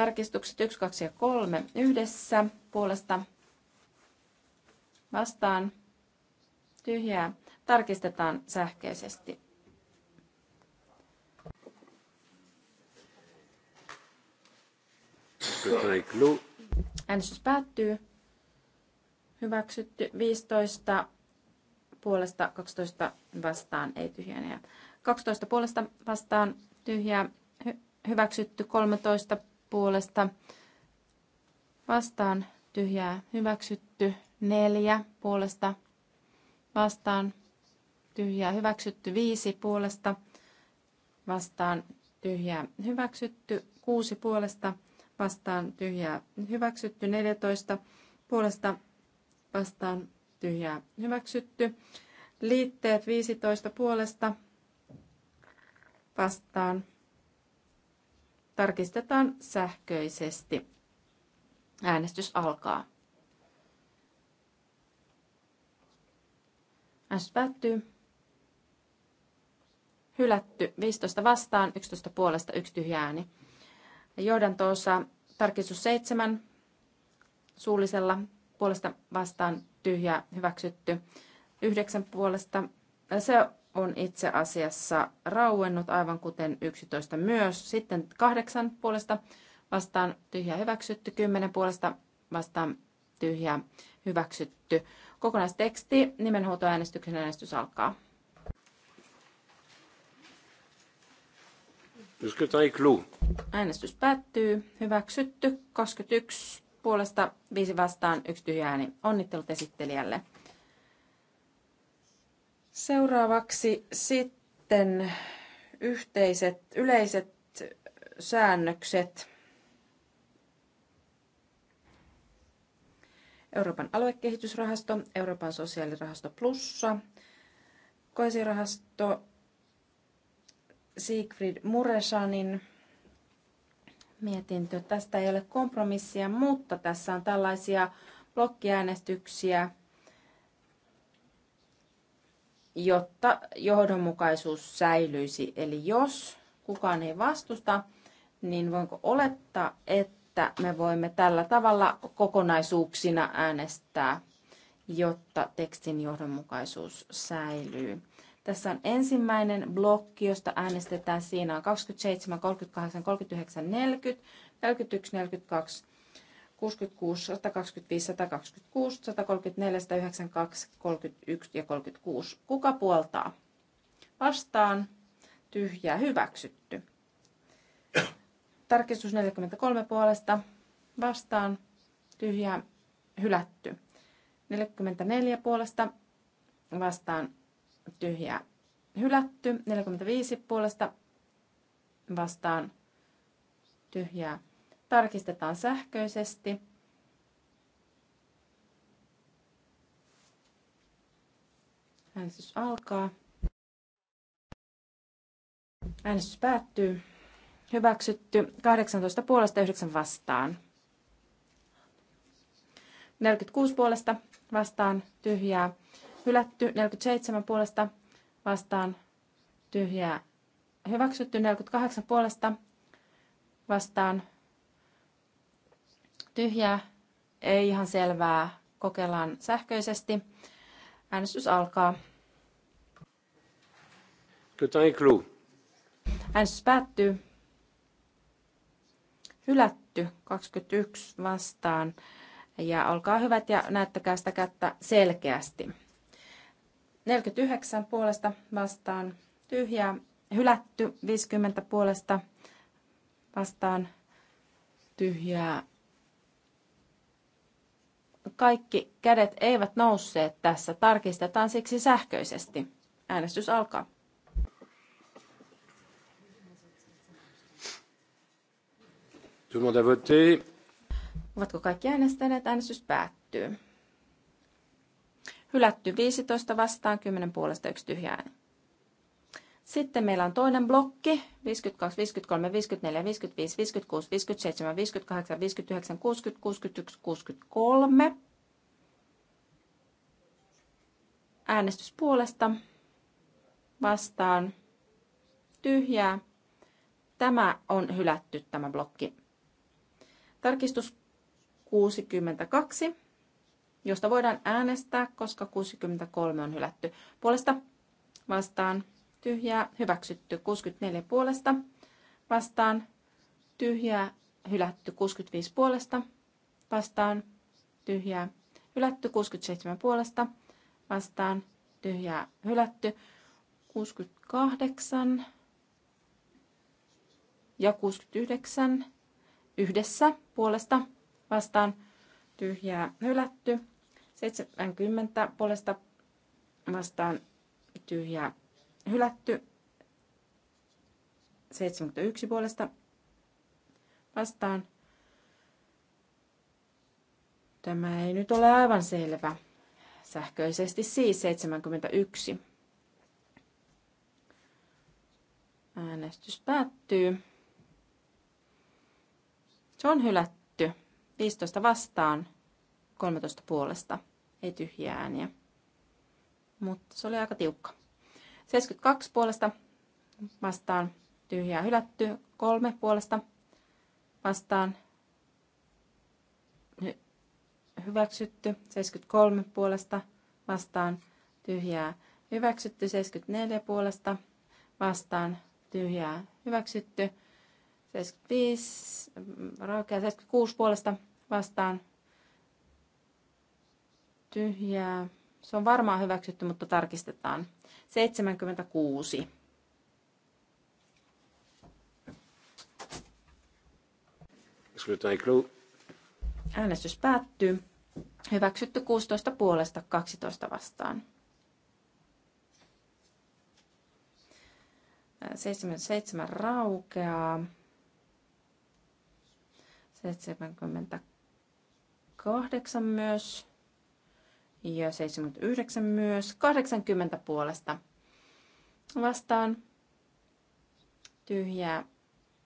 Tarkistukset 1, 2 ja 3 yhdessä puolesta vastaan tyhjää. Tarkistetaan sähköisesti. Äänestys päättyy. Hyväksytty 15 puolesta 12 vastaan, ei tyhjää. 12 puolesta vastaan tyhjää. Hy- hyväksytty 13 puolesta vastaan tyhjää hyväksytty. Neljä puolesta vastaan tyhjää hyväksytty. Viisi puolesta vastaan tyhjää hyväksytty. Kuusi puolesta vastaan tyhjää hyväksytty. Neljätoista puolesta vastaan tyhjää hyväksytty. Liitteet 15 puolesta vastaan Tarkistetaan sähköisesti. Äänestys alkaa. Äänestys päättyy. Hylätty 15 vastaan, 11 puolesta, yksi tyhjä ääni. Johdan tuossa tarkistus 7 suullisella puolesta vastaan tyhjä hyväksytty. 9 puolesta, se on itse asiassa rauennut, aivan kuten 11 myös. Sitten kahdeksan puolesta vastaan tyhjä hyväksytty, kymmenen puolesta vastaan tyhjä hyväksytty. Kokonaisteksti, nimenhuutoäänestyksen äänestys alkaa. Äänestys päättyy. Hyväksytty. 21 puolesta, 5 vastaan, 1 tyhjä ääni. Onnittelut esittelijälle. Seuraavaksi sitten yhteiset, yleiset säännökset Euroopan aluekehitysrahasto, Euroopan sosiaalirahasto plussa, koesirahasto Siegfried Muresanin mietintö. Tästä ei ole kompromissia, mutta tässä on tällaisia blokkiäänestyksiä jotta johdonmukaisuus säilyisi. Eli jos kukaan ei vastusta, niin voinko olettaa, että me voimme tällä tavalla kokonaisuuksina äänestää, jotta tekstin johdonmukaisuus säilyy. Tässä on ensimmäinen blokki, josta äänestetään. Siinä on 27, 38, 39, 40, 41, 42, 66, 125, 126, 134, 192, 31 ja 36. Kuka puoltaa? Vastaan. Tyhjää. Hyväksytty. Tarkistus 43 puolesta. Vastaan. Tyhjää. Hylätty. 44 puolesta. Vastaan. Tyhjää. Hylätty. 45 puolesta. Vastaan. Tyhjää tarkistetaan sähköisesti. Äänestys alkaa. Äänestys päättyy. Hyväksytty 18 puolesta 9 vastaan. 46 puolesta vastaan tyhjää. Hylätty 47 puolesta vastaan tyhjää. Hyväksytty 48 puolesta vastaan Tyhjää. Ei ihan selvää. Kokeillaan sähköisesti. Äänestys alkaa. Äänestys päättyy. Hylätty 21 vastaan. Ja olkaa hyvät ja näyttäkää sitä kättä selkeästi. 49 puolesta vastaan tyhjää. Hylätty 50 puolesta vastaan tyhjää. Kaikki kädet eivät nousseet tässä. Tarkistetaan siksi sähköisesti. Äänestys alkaa. Tout le monde a voté. Ovatko kaikki äänestäneet? Äänestys päättyy. Hylätty 15 vastaan, 10 puolesta, 1 tyhjä ääni. Sitten meillä on toinen blokki, 52, 53, 54, 55, 56, 57, 58, 59, 60, 61, 63. Äänestys puolesta vastaan tyhjää. Tämä on hylätty tämä blokki. Tarkistus 62, josta voidaan äänestää, koska 63 on hylätty. Puolesta vastaan tyhjää hyväksytty 64 puolesta vastaan tyhjää hylätty 65 puolesta vastaan tyhjää hylätty 67 puolesta vastaan tyhjää hylätty. 68 ja 69 yhdessä puolesta vastaan tyhjää hylätty. 70 puolesta vastaan tyhjää hylätty. 71 puolesta vastaan. Tämä ei nyt ole aivan selvä. Sähköisesti siis 71. Äänestys päättyy. Se on hylätty. 15 vastaan, 13 puolesta. Ei tyhjää ääniä. Mutta se oli aika tiukka. 72 puolesta vastaan, tyhjää hylätty. 3 puolesta vastaan, hyväksytty, 73 puolesta vastaan tyhjää hyväksytty, 74 puolesta vastaan tyhjää hyväksytty, 75 raukea, 76 puolesta vastaan tyhjää. Se on varmaan hyväksytty, mutta tarkistetaan. 76. Äänestys päättyy. Hyväksytty 16 puolesta 12 vastaan. 77 raukeaa. 78 myös. Ja 79 myös. 80 puolesta vastaan. Tyhjää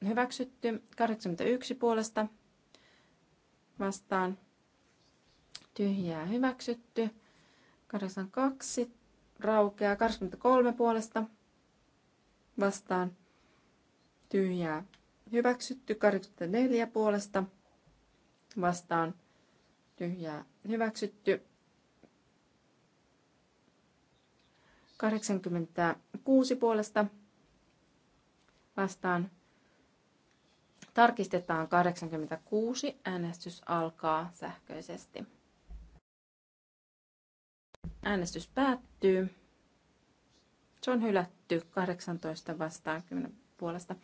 hyväksytty. 81 puolesta vastaan tyhjää hyväksytty. 82 raukeaa 23 puolesta vastaan tyhjää hyväksytty 84 puolesta vastaan tyhjää hyväksytty 86 puolesta vastaan tarkistetaan 86 äänestys alkaa sähköisesti. Äänestys päättyy. Se on hylätty 18 vastaan 10 puolesta.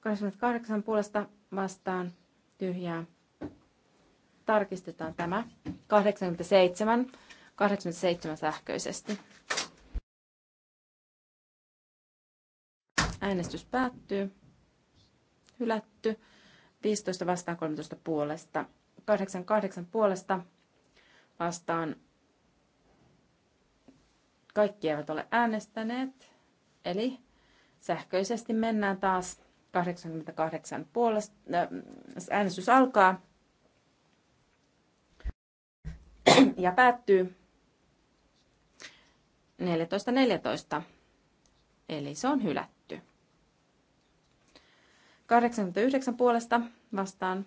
88 puolesta vastaan tyhjää. Tarkistetaan tämä. 87. 87 sähköisesti. Äänestys päättyy. Hylätty. 15 vastaan 13 puolesta. 88 puolesta vastaan kaikki eivät ole äänestäneet, eli sähköisesti mennään taas 88 puolesta. Äh, äänestys alkaa ja päättyy 14.14. 14. Eli se on hylätty. 89 puolesta vastaan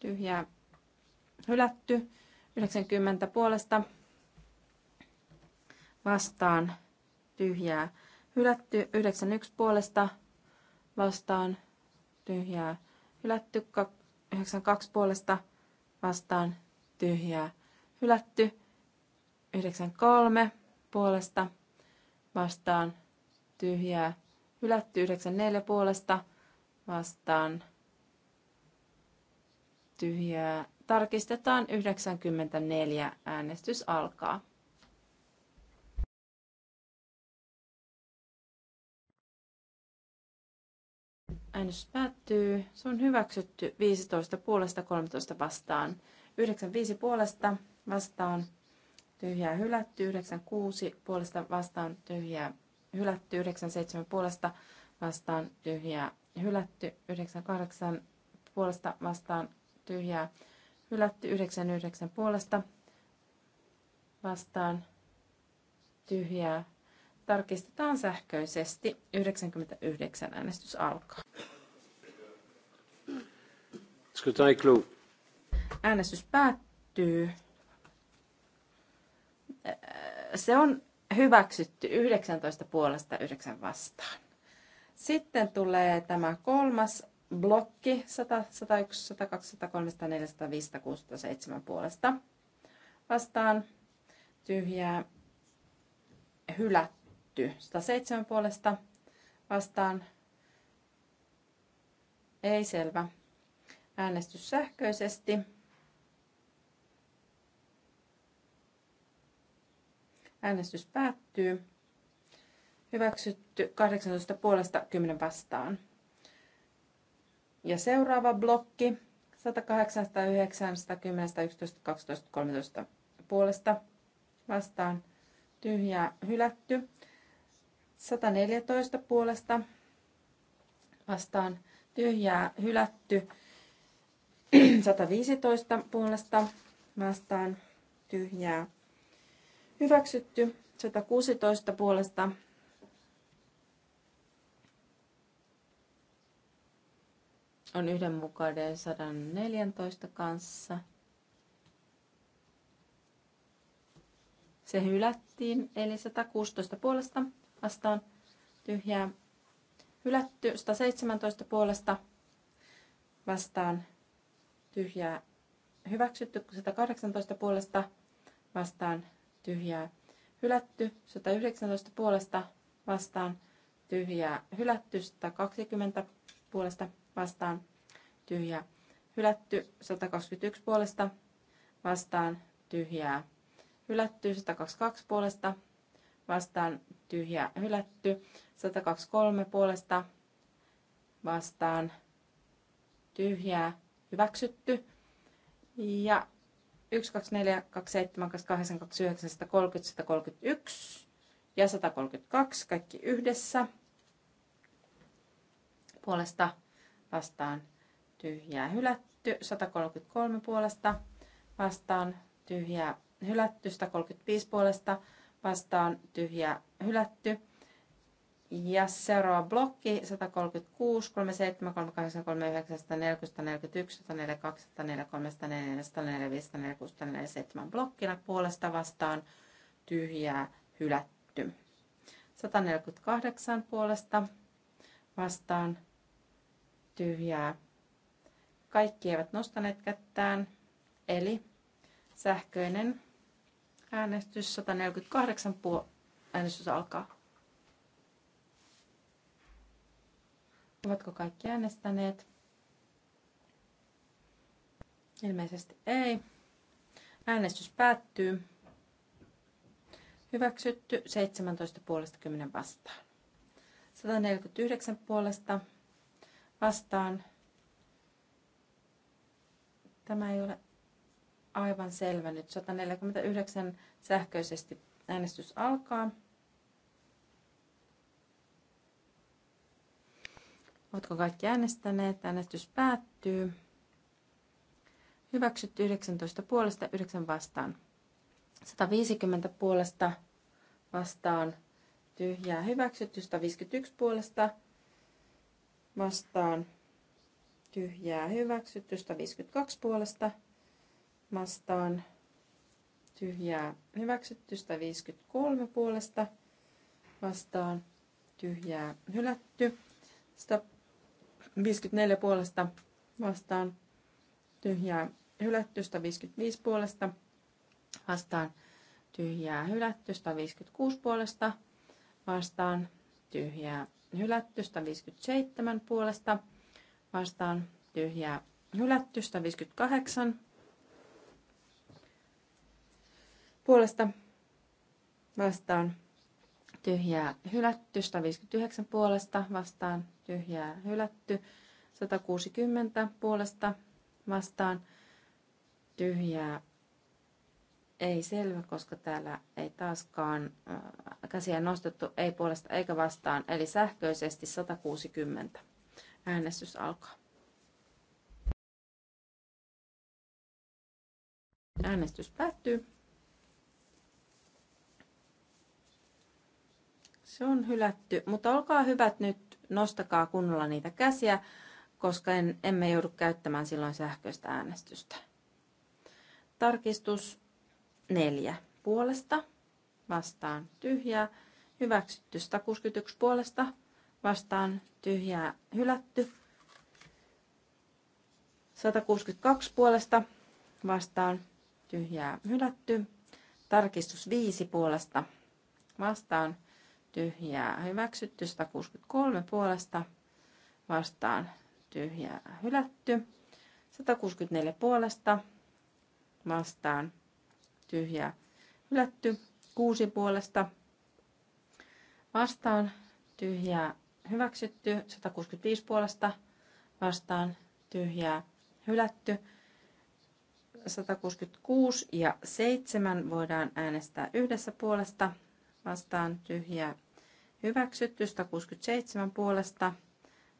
tyhjää hylätty. 90 puolesta vastaan tyhjää hylätty. 91 puolesta vastaan tyhjää hylätty. 92 puolesta vastaan tyhjää hylätty. 93 puolesta vastaan tyhjää hylätty. 94 puolesta vastaan tyhjää. Tarkistetaan 94 äänestys alkaa. Äänestys päättyy. Se on hyväksytty 15 puolesta 13 vastaan. 95 puolesta vastaan tyhjää hylätty. 96 puolesta vastaan tyhjää hylätty. 97 puolesta vastaan tyhjää hylätty. 98 puolesta vastaan tyhjää hylätty. 99 puolesta vastaan tyhjää Tarkistetaan sähköisesti. 99 äänestys alkaa. Äänestys päättyy. Se on hyväksytty 19 puolesta 9 vastaan. Sitten tulee tämä kolmas blokki 100, 101, 102, 103, 104, 105, 106, 107 puolesta vastaan tyhjää hylät hylätty. 107 puolesta vastaan. Ei selvä. Äänestys sähköisesti. Äänestys päättyy. Hyväksytty 18 puolesta 10 vastaan. Ja seuraava blokki 108, 109, 110, 11, 12, 13 puolesta vastaan. Tyhjää hylätty. 114 puolesta vastaan tyhjää hylätty. 115 puolesta vastaan tyhjää hyväksytty. 116 puolesta on yhdenmukainen 114 kanssa. Se hylättiin, eli 116 puolesta vastaan tyhjää hylätty. 117 puolesta vastaan tyhjää hyväksytty. 118 puolesta vastaan tyhjää hylätty. 119 puolesta vastaan tyhjää hylätty. 120 puolesta vastaan tyhjää hylätty. 121 puolesta vastaan tyhjää hylätty. 122 puolesta vastaan tyhjä hylätty. 123 puolesta vastaan tyhjää hyväksytty. Ja 1, 2, 4, 2, 7, 2, 8, 2, 9, 130, 131 ja 132 kaikki yhdessä. Puolesta vastaan tyhjää hylätty. 133 puolesta vastaan tyhjää hylätty. 135 puolesta vastaan tyhjä hylätty. Ja seuraava blokki 136, 37, 38, 39, 140, 41, 142, 143, 144, 145, 146, 147 blokkina puolesta vastaan tyhjää hylätty. 148 puolesta vastaan tyhjää. Kaikki eivät nostaneet kättään, eli sähköinen Äänestys 148 puo äänestys alkaa. Ovatko kaikki äänestäneet? Ilmeisesti ei. Äänestys päättyy. Hyväksytty 17 puolesta 10 vastaan. 149 puolesta vastaan. Tämä ei ole aivan selvä nyt. 149 sähköisesti äänestys alkaa. Oletko kaikki äänestäneet? Äänestys päättyy. Hyväksytty 19 puolesta, 9 vastaan. 150 puolesta vastaan. Tyhjää hyväksytty. 151 puolesta vastaan. Tyhjää hyväksytty. 152 puolesta vastaan vastaan tyhjää hyväksyttystä 53 puolesta vastaan tyhjää hylätty. 54 puolesta vastaan tyhjää hylätty. 155 puolesta vastaan tyhjää hylätty. 156 puolesta vastaan tyhjää hylätty. 157 puolesta vastaan tyhjää hylätty. 158 puolesta vastaan tyhjää hylätty, 159 puolesta vastaan tyhjää hylätty, 160 puolesta vastaan tyhjää ei selvä, koska täällä ei taaskaan äh, käsiä nostettu ei puolesta eikä vastaan, eli sähköisesti 160. Äänestys alkaa. Äänestys päättyy. Se on hylätty, mutta olkaa hyvät nyt, nostakaa kunnolla niitä käsiä, koska en, emme joudu käyttämään silloin sähköistä äänestystä. Tarkistus neljä puolesta, vastaan tyhjää, hyväksytty 161 puolesta, vastaan tyhjää, hylätty 162 puolesta, vastaan tyhjää, hylätty tarkistus 5 puolesta, vastaan tyhjää hyväksytty, 163 puolesta vastaan tyhjää hylätty, 164 puolesta vastaan tyhjää hylätty, 6 puolesta vastaan tyhjää hyväksytty, 165 puolesta vastaan tyhjää hylätty, 166 ja 7 voidaan äänestää yhdessä puolesta vastaan tyhjää hyväksytty. 167 puolesta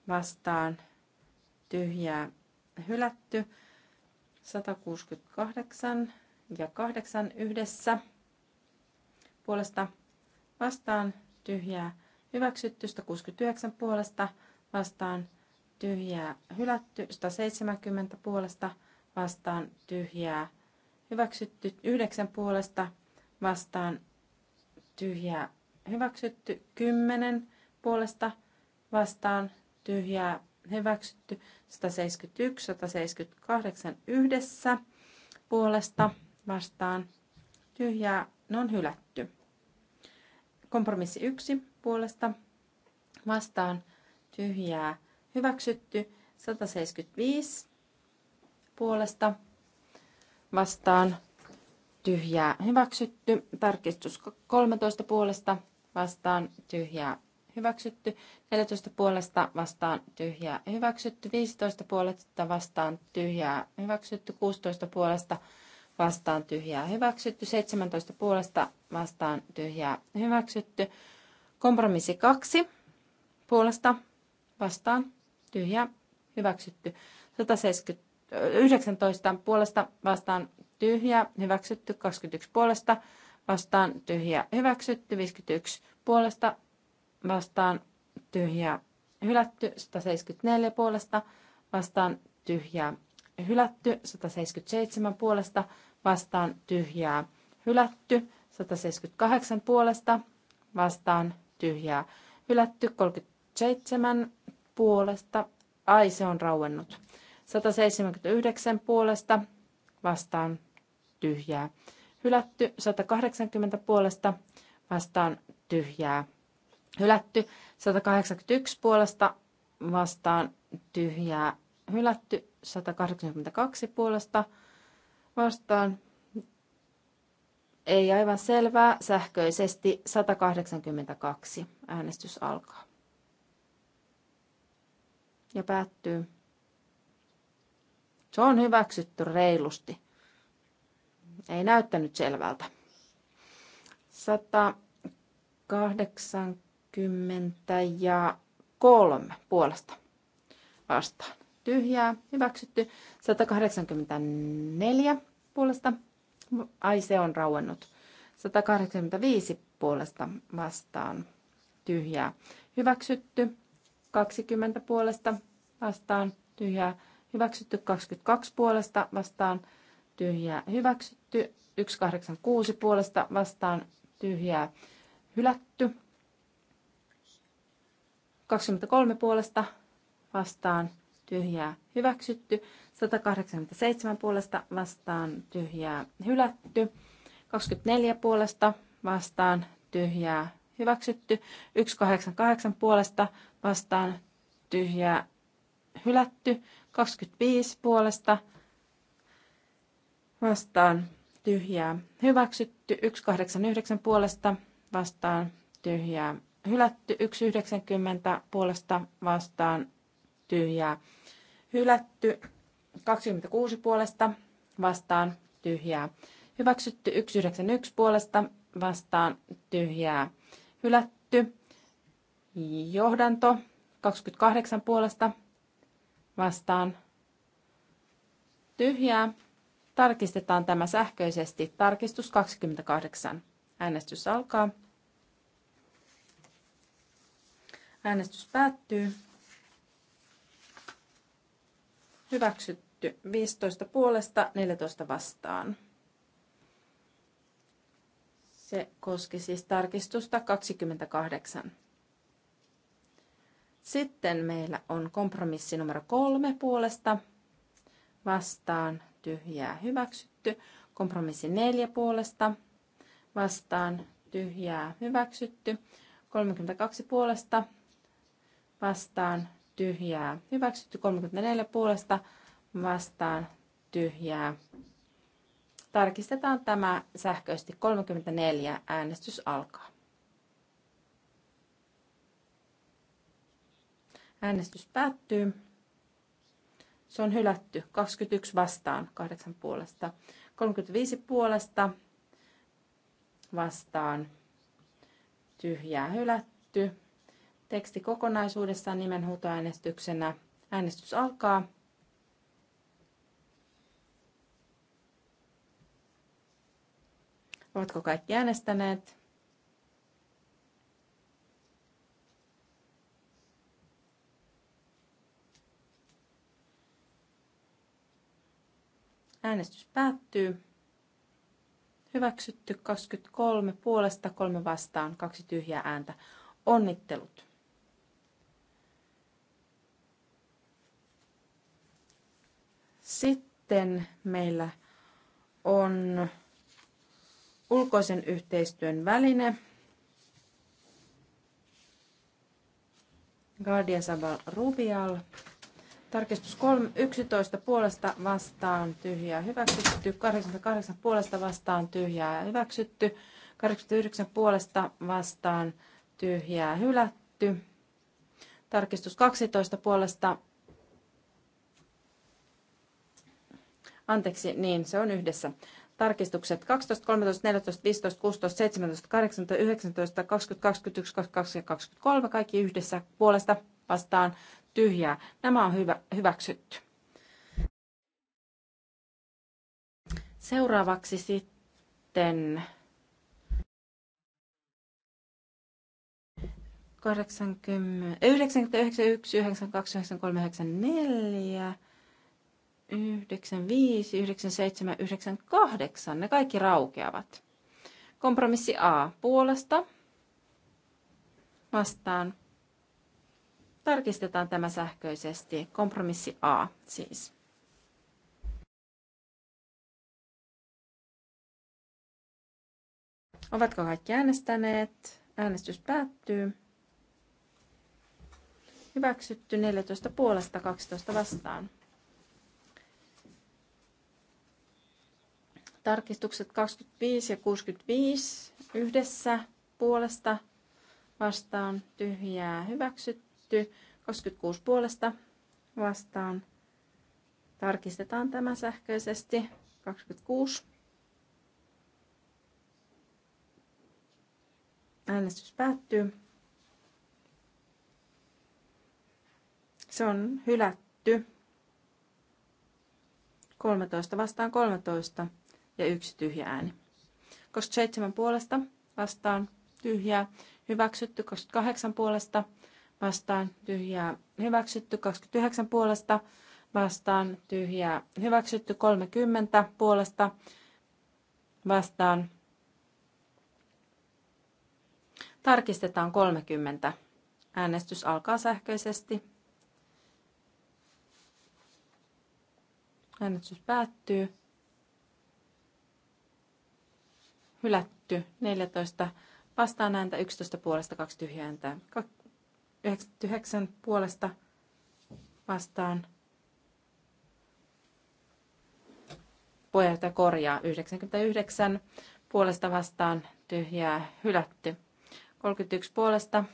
vastaan tyhjää hylätty. 168 ja 8 yhdessä puolesta vastaan tyhjää hyväksytty. 169 puolesta vastaan tyhjää hylätty. 170 puolesta vastaan tyhjää hyväksytty. 9 puolesta vastaan tyhjää hyväksytty. 10 puolesta vastaan tyhjää hyväksytty. 171, 178 yhdessä puolesta vastaan tyhjää ne on hylätty. Kompromissi 1 puolesta vastaan tyhjää hyväksytty. 175 puolesta vastaan tyhjää hyväksytty. Tarkistus 13 puolesta vastaan tyhjää hyväksytty. 14 puolesta vastaan tyhjää hyväksytty. 15 puolesta vastaan tyhjää hyväksytty. 16 puolesta vastaan tyhjää hyväksytty. 17 puolesta vastaan tyhjää hyväksytty. Kompromissi 2 puolesta vastaan tyhjää hyväksytty. 170, 19 puolesta vastaan tyhjä hyväksytty 21 puolesta, vastaan tyhjä hyväksytty 51 puolesta, vastaan tyhjä hylätty 174 puolesta, vastaan tyhjä hylätty 177 puolesta, vastaan tyhjää, hylätty 178 puolesta, vastaan tyhjää, hylätty 37 puolesta, ai se on rauennut. 179 puolesta vastaan tyhjää. Hylätty 180 puolesta vastaan tyhjää. Hylätty 181 puolesta vastaan tyhjää. Hylätty 182 puolesta vastaan ei aivan selvää. Sähköisesti 182 äänestys alkaa. Ja päättyy. Se on hyväksytty reilusti. Ei näyttänyt selvältä. 183 puolesta vastaan. Tyhjää, hyväksytty. 184 puolesta. Ai se on rauennut. 185 puolesta vastaan. Tyhjää, hyväksytty. 20 puolesta vastaan. Tyhjää, hyväksytty. 22 puolesta vastaan tyhjää hyväksytty. 186 puolesta vastaan tyhjää hylätty. 23 puolesta vastaan tyhjää hyväksytty. 187 puolesta vastaan tyhjää hylätty. 24 puolesta vastaan tyhjää hyväksytty. 188 puolesta vastaan tyhjää hylätty. 25 puolesta vastaan tyhjää hyväksytty, 189 puolesta vastaan tyhjää hylätty, 190 puolesta vastaan tyhjää hylätty, 26 puolesta vastaan tyhjää hyväksytty, 191 puolesta vastaan tyhjää hylätty, johdanto 28 puolesta vastaan tyhjää Tarkistetaan tämä sähköisesti. Tarkistus 28. Äänestys alkaa. Äänestys päättyy. Hyväksytty 15 puolesta 14 vastaan. Se koski siis tarkistusta 28. Sitten meillä on kompromissi numero kolme puolesta vastaan jää hyväksytty. Kompromissi neljä puolesta vastaan tyhjää hyväksytty. 32 puolesta vastaan tyhjää hyväksytty. 34 puolesta vastaan tyhjää. Tarkistetaan tämä sähköisesti. 34 äänestys alkaa. Äänestys päättyy. Se on hylätty. 21 vastaan, 8 puolesta. 35 puolesta vastaan. Tyhjää hylätty. Teksti kokonaisuudessaan nimenhuutoäänestyksenä. Äänestys alkaa. Ovatko kaikki äänestäneet? Äänestys päättyy. Hyväksytty 23 puolesta, 3 vastaan, 2 tyhjää ääntä. Onnittelut. Sitten meillä on ulkoisen yhteistyön väline. Guardia Sabal Rubial. Tarkistus 3, 11 puolesta vastaan tyhjää hyväksytty, 88 puolesta vastaan tyhjää hyväksytty, 89 puolesta vastaan tyhjää hylätty. Tarkistus 12 puolesta. Anteeksi, niin se on yhdessä. Tarkistukset 12, 13, 14, 15, 16, 17, 18, 19, 20, 21, 22 ja 23. Kaikki yhdessä puolesta vastaan tyhjää. Nämä on hyvä, hyväksytty. Seuraavaksi sitten 80, 99, 92, 93, 94, 95, 97, 98. Ne kaikki raukeavat. Kompromissi A puolesta vastaan Tarkistetaan tämä sähköisesti. Kompromissi A siis. Ovatko kaikki äänestäneet? Äänestys päättyy. Hyväksytty 14 puolesta 12 vastaan. Tarkistukset 25 ja 65 yhdessä puolesta vastaan tyhjää hyväksytty hyväksytty. 26 puolesta vastaan. Tarkistetaan tämä sähköisesti. 26. Äänestys päättyy. Se on hylätty. 13 vastaan 13 ja yksi tyhjä ääni. 27 puolesta vastaan tyhjää. Hyväksytty 28 puolesta vastaan tyhjää hyväksytty, 29 puolesta vastaan tyhjää hyväksytty, 30 puolesta vastaan. Tarkistetaan 30. Äänestys alkaa sähköisesti. Äänestys päättyy. Hylätty 14 vastaan ääntä 11 puolesta 2 tyhjää ääntä. 99 puolesta vastaan. Puheenjohtaja korjaa 99 puolesta vastaan tyhjää hylätty. 31 puolesta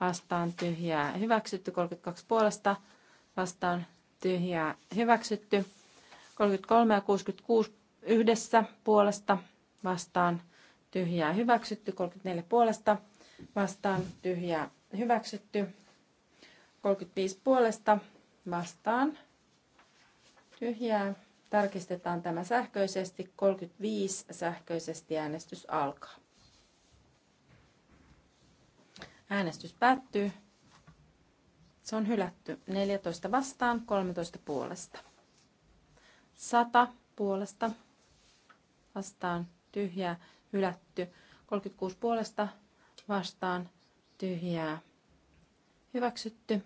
vastaan tyhjää hyväksytty. 32 puolesta vastaan tyhjää hyväksytty. 33 ja 66 yhdessä puolesta vastaan tyhjää hyväksytty. 34 puolesta vastaan tyhjää hyväksytty. 35 puolesta vastaan tyhjää. Tarkistetaan tämä sähköisesti. 35 sähköisesti äänestys alkaa. Äänestys päättyy. Se on hylätty 14 vastaan, 13 puolesta. 100 puolesta vastaan tyhjää, hylätty. 36 puolesta vastaan tyhjää hyväksytty.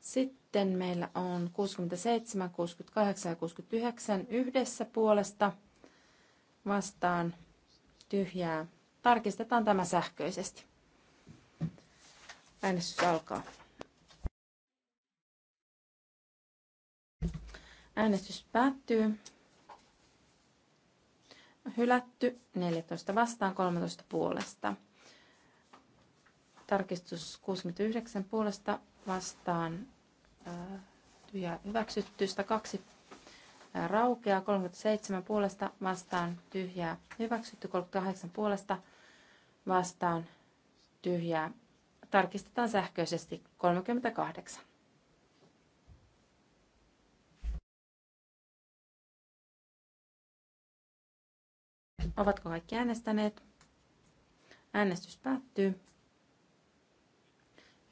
Sitten meillä on 67, 68 ja 69 yhdessä puolesta vastaan tyhjää. Tarkistetaan tämä sähköisesti. Äänestys alkaa. Äänestys päättyy. Hylätty 14 vastaan 13 puolesta. Tarkistus 69 puolesta vastaan tyhjää hyväksytty. 102 raukea 37 puolesta vastaan tyhjää hyväksytty. 38 puolesta vastaan tyhjää. Tarkistetaan sähköisesti 38. Ovatko kaikki äänestäneet? Äänestys päättyy.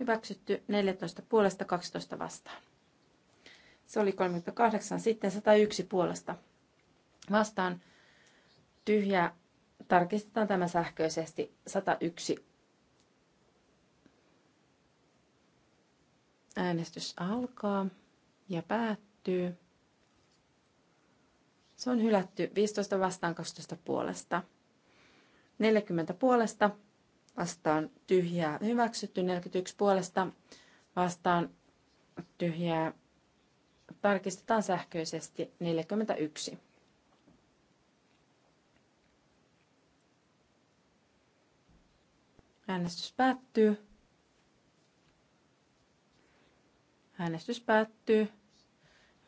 Hyväksytty 14 puolesta 12 vastaan. Se oli 38, sitten 101 puolesta vastaan. Tyhjä, Tarkistetaan tämä sähköisesti. 101. Äänestys alkaa ja päättyy. Se on hylätty 15 vastaan 12 puolesta. 40 puolesta vastaan tyhjää hyväksytty, 41 puolesta vastaan tyhjää tarkistetaan sähköisesti 41. Äänestys päättyy. Äänestys päättyy.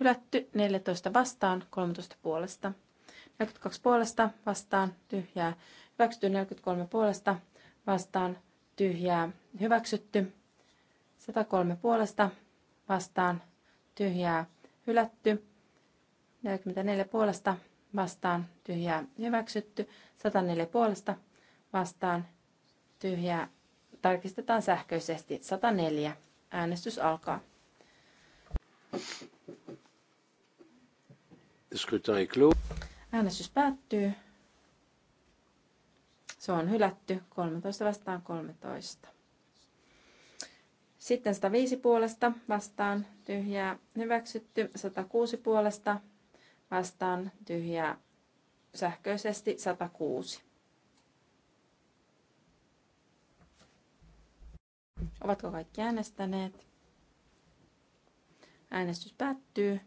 Hylätty 14 vastaan, 13 puolesta. 42 puolesta vastaan, tyhjää. Hyväksytty 43 puolesta vastaan tyhjää hyväksytty. 103 puolesta vastaan tyhjää hylätty. 44 puolesta vastaan tyhjää hyväksytty. 104 puolesta vastaan tyhjää tarkistetaan sähköisesti. 104. Äänestys alkaa. Äänestys päättyy. Se on hylätty 13 vastaan 13. Sitten 105 puolesta vastaan tyhjää hyväksytty. 106 puolesta vastaan tyhjää sähköisesti 106. Ovatko kaikki äänestäneet? Äänestys päättyy.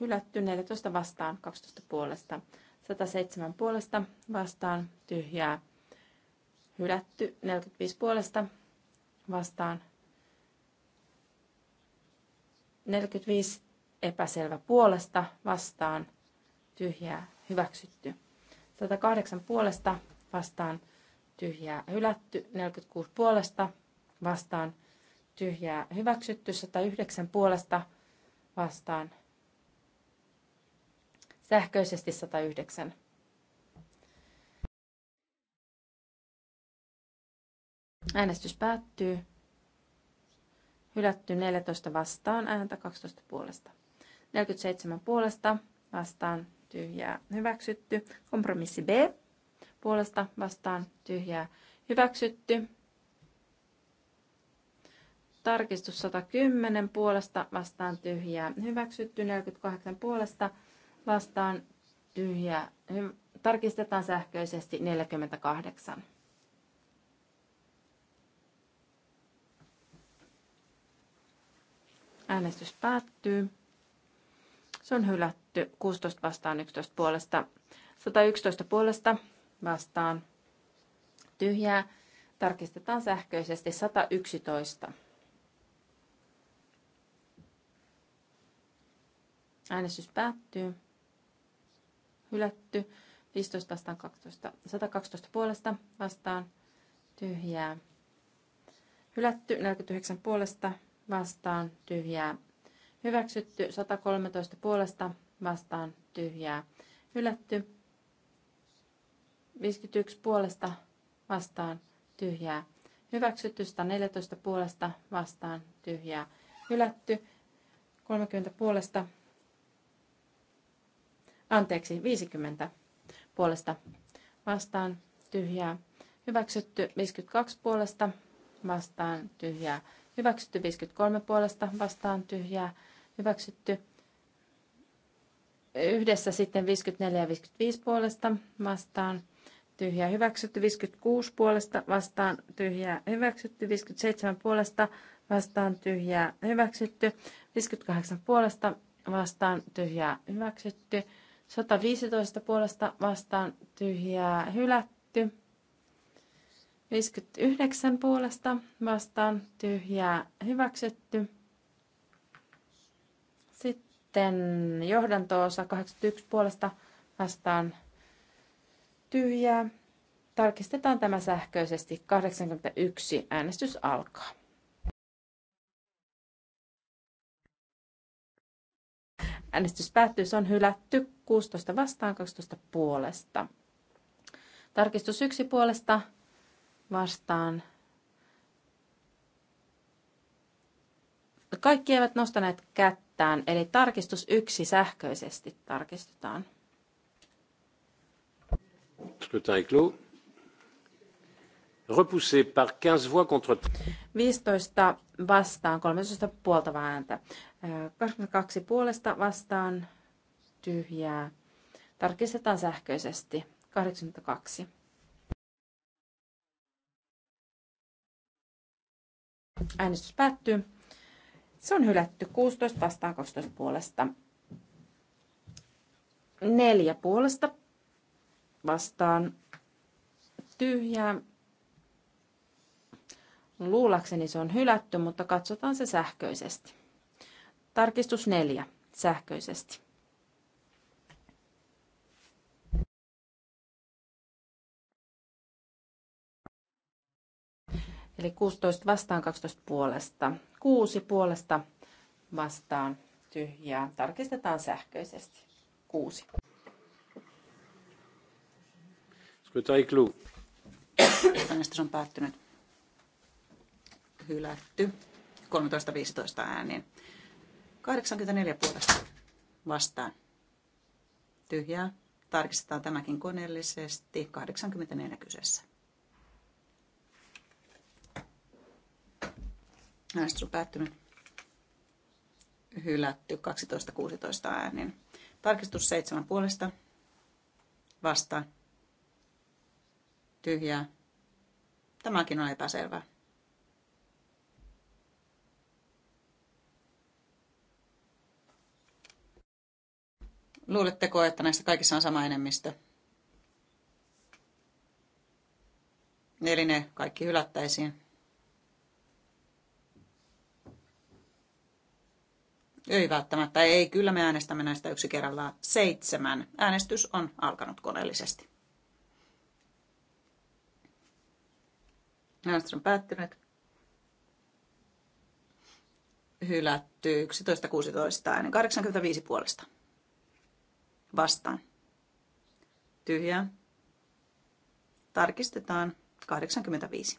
Hylätty 14 vastaan 12 puolesta. 107 puolesta vastaan tyhjää hylätty. 45 puolesta vastaan 45 epäselvä puolesta vastaan tyhjää hyväksytty. 108 puolesta vastaan tyhjää hylätty. 46 puolesta vastaan tyhjää hyväksytty. 109 puolesta vastaan sähköisesti 109. Äänestys päättyy. Hylätty 14 vastaan, ääntä 12 puolesta. 47 puolesta vastaan tyhjää hyväksytty. Kompromissi B puolesta vastaan tyhjää hyväksytty. Tarkistus 110 puolesta vastaan tyhjää hyväksytty. 48 puolesta vastaan tyhjää. Tarkistetaan sähköisesti 48. Äänestys päättyy. Se on hylätty 16 vastaan 11 puolesta. 111 puolesta vastaan tyhjää. Tarkistetaan sähköisesti 111. Äänestys päättyy hylätty. 15 vastaan 12, 112 puolesta vastaan tyhjää. Hylätty 49 puolesta vastaan tyhjää. Hyväksytty 113 puolesta vastaan tyhjää. Hylätty 51 puolesta vastaan tyhjää. Hyväksytty 114 puolesta vastaan tyhjää. Hylätty 30 puolesta anteeksi, 50 puolesta vastaan tyhjää, hyväksytty 52 puolesta vastaan tyhjää, hyväksytty 53 puolesta vastaan tyhjää, hyväksytty yhdessä sitten 54 ja 55 puolesta vastaan tyhjää, hyväksytty 56 puolesta vastaan tyhjää, hyväksytty 57 puolesta vastaan tyhjää, hyväksytty 58 puolesta vastaan tyhjää, hyväksytty 115 puolesta vastaan tyhjää hylätty. 59 puolesta vastaan tyhjää hyväksytty. Sitten johdantoosa 81 puolesta vastaan tyhjää. Tarkistetaan tämä sähköisesti. 81 äänestys alkaa. Äänestys päättyy, se on hylätty 16 vastaan 12 puolesta. Tarkistus 1 puolesta vastaan. Kaikki eivät nostaneet kättään, eli tarkistus 1 sähköisesti tarkistetaan. Scrutin est clos. Repoussé par 15 voix contre 15 vastaan, 13 puolta ääntä. 22 puolesta vastaan tyhjää. Tarkistetaan sähköisesti. 82. Äänestys päättyy. Se on hylätty 16 vastaan 12 puolesta. 4 puolesta vastaan tyhjää. Luulakseni se on hylätty, mutta katsotaan se sähköisesti. Tarkistus 4. sähköisesti. Eli 16 vastaan 12 puolesta. 6 puolesta vastaan tyhjää. Tarkistetaan sähköisesti. 6. Äänestys on päättynyt. Hylätty. 13-15 äänin. 84 puolesta vastaan. Tyhjää. Tarkistetaan tämäkin koneellisesti. 84 kyseessä. Äänestys on päättynyt. Hylätty 12-16 äänin. Tarkistus 7 puolesta. Vastaan. Tyhjää. Tämäkin on epäselvää. Luuletteko, että näissä kaikissa on sama enemmistö? Eli ne kaikki hylättäisiin. Ei välttämättä, ei. Kyllä me äänestämme näistä yksi kerrallaan seitsemän. Äänestys on alkanut koneellisesti. Äänestys on päättynyt. Hylätty 11.16 äänen 85 puolesta. Vastaan. Tyhjää. Tarkistetaan 85.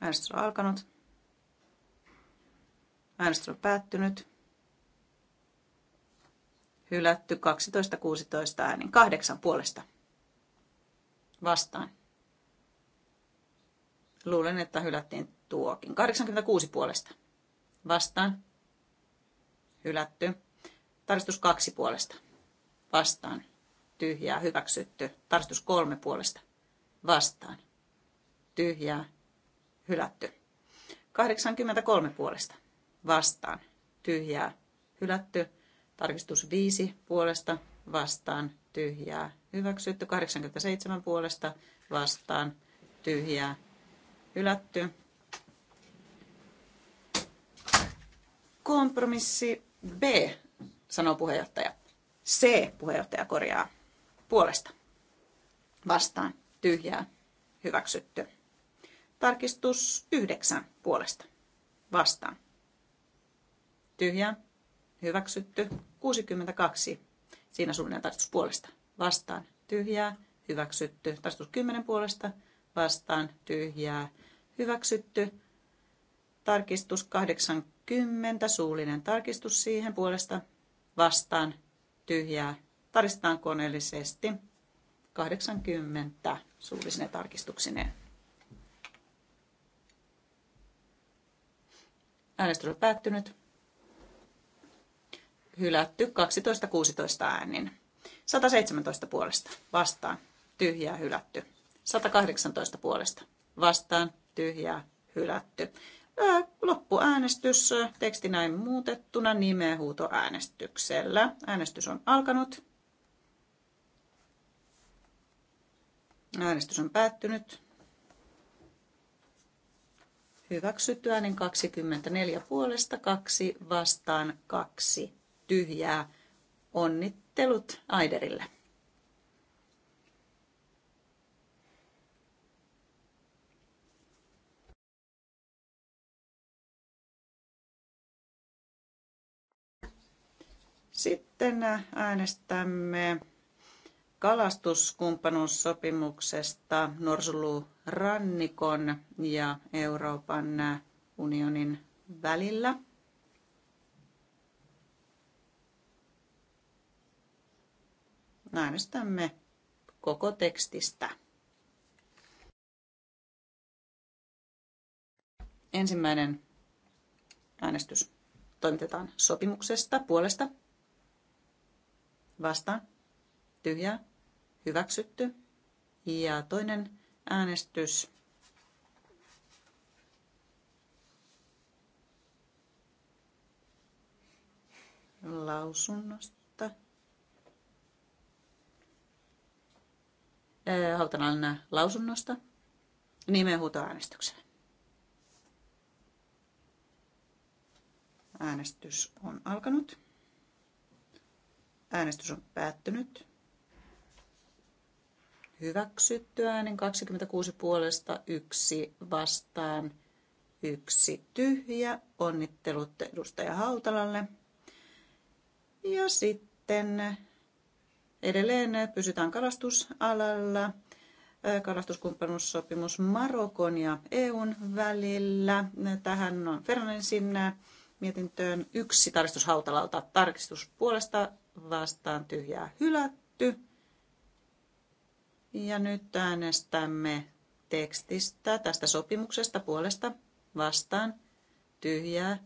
Äänestys on alkanut. Äänestys on päättynyt. Hylätty 12.16 äänin. Kahdeksan puolesta. Vastaan. Luulen, että hylättiin tuokin. 86 puolesta. Vastaan. Hylätty. Tarkistus kaksi puolesta vastaan, tyhjää, hyväksytty. Tarkistus kolme puolesta vastaan, tyhjää, hylätty. 83 puolesta vastaan, tyhjää, hylätty. Tarkistus 5 puolesta vastaan, tyhjää, hyväksytty. 87 puolesta vastaan, tyhjää, hylätty. Kompromissi B, sanoo puheenjohtaja. C puheenjohtaja korjaa puolesta. Vastaan tyhjää hyväksytty. Tarkistus 9 puolesta. Vastaan. Tyhjää hyväksytty. 62. Siinä suunnilleen tarkistus puolesta. Vastaan tyhjää hyväksytty. Tarkistus 10 puolesta. Vastaan tyhjää hyväksytty. Tarkistus 80. Suullinen tarkistus siihen puolesta. Vastaan tyhjää. Tarkistetaan koneellisesti. 80 suullisine tarkistuksineen. Äänestys on päättynyt. Hylätty 12-16 äänin. 117 puolesta vastaan. Tyhjää hylätty. 118 puolesta vastaan. Tyhjää hylätty. Loppuäänestys, teksti näin muutettuna nimenhuutoäänestyksellä. Äänestys on alkanut. Äänestys on päättynyt. Hyväksytty äänen 24 puolesta, kaksi vastaan, kaksi tyhjää. Onnittelut Aiderille. Sitten äänestämme kalastuskumppanuussopimuksesta rannikon ja Euroopan unionin välillä. Äänestämme koko tekstistä. Ensimmäinen äänestys toimitetaan sopimuksesta puolesta Vasta tyhjä Hyväksytty. Ja toinen äänestys. Lausunnosta. Hautalan lausunnosta nimenhuutoäänestykseen. Äänestys on alkanut. Äänestys on päättynyt. Hyväksytty äänen 26 puolesta, yksi vastaan, yksi tyhjä. Onnittelut edustaja Hautalalle. Ja sitten edelleen pysytään kalastusalalla kalastuskumppanuussopimus Marokon ja EUn välillä. Tähän on Fernandesin mietintöön yksi tarkistushautalalta Tarkistus puolesta vastaan tyhjää hylätty. Ja nyt äänestämme tekstistä tästä sopimuksesta puolesta vastaan tyhjää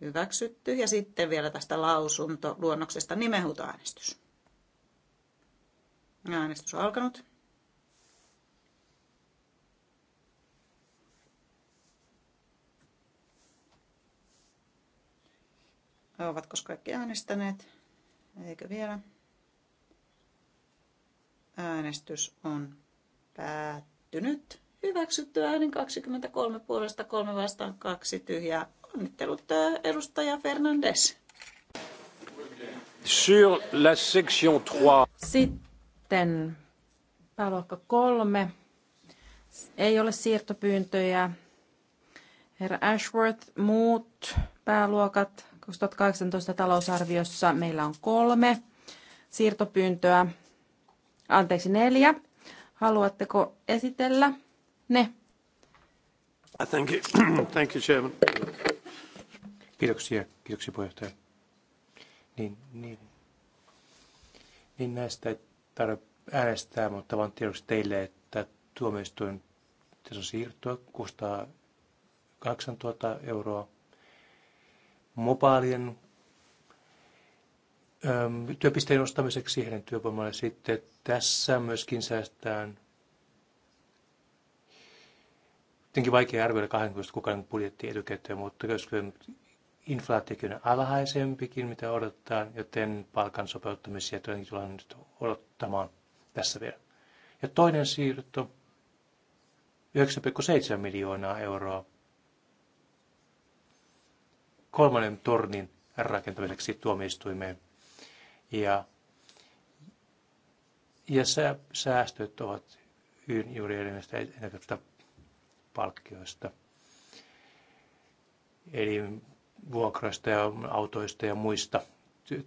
hyväksytty. Ja sitten vielä tästä lausuntoluonnoksesta nimenhuutoäänestys. Äänestys on alkanut. Ovatko kaikki äänestäneet? Eikö vielä? Äänestys on päättynyt. Hyväksytty äänen 23 puolesta, 3 vastaan, 2 tyhjää. Onnittelut edustaja Fernandes. Sur la section 3. Sitten pääluokka kolme. Ei ole siirtopyyntöjä. Herra Ashworth, muut pääluokat 2018 talousarviossa meillä on kolme siirtopyyntöä, anteeksi neljä. Haluatteko esitellä ne? Thank you. Thank you, Chairman. Kiitoksia, kiitoksia puheenjohtaja. Niin, niin. niin näistä ei tarvitse äänestää, mutta vaan tiedoksi teille, että tuomioistuin siirtoa, kustaa 8000 tuota euroa mobaalien ähm, työpisteen ostamiseksi heidän työvoimalle. Sitten tässä myöskin säästään Tietenkin vaikea arvioida 20 kuukauden budjetti etukäteen, mutta koska inflaatiokin on alhaisempikin, mitä odottaa, joten palkan sopeuttamisia tietenkin tullaan nyt odottamaan tässä vielä. Ja toinen siirto, 9,7 miljoonaa euroa kolmannen tornin rakentamiseksi tuomioistuimeen. Ja, ja säästöt ovat juuri erinäistä palkkioista. Eli vuokraista ja autoista ja muista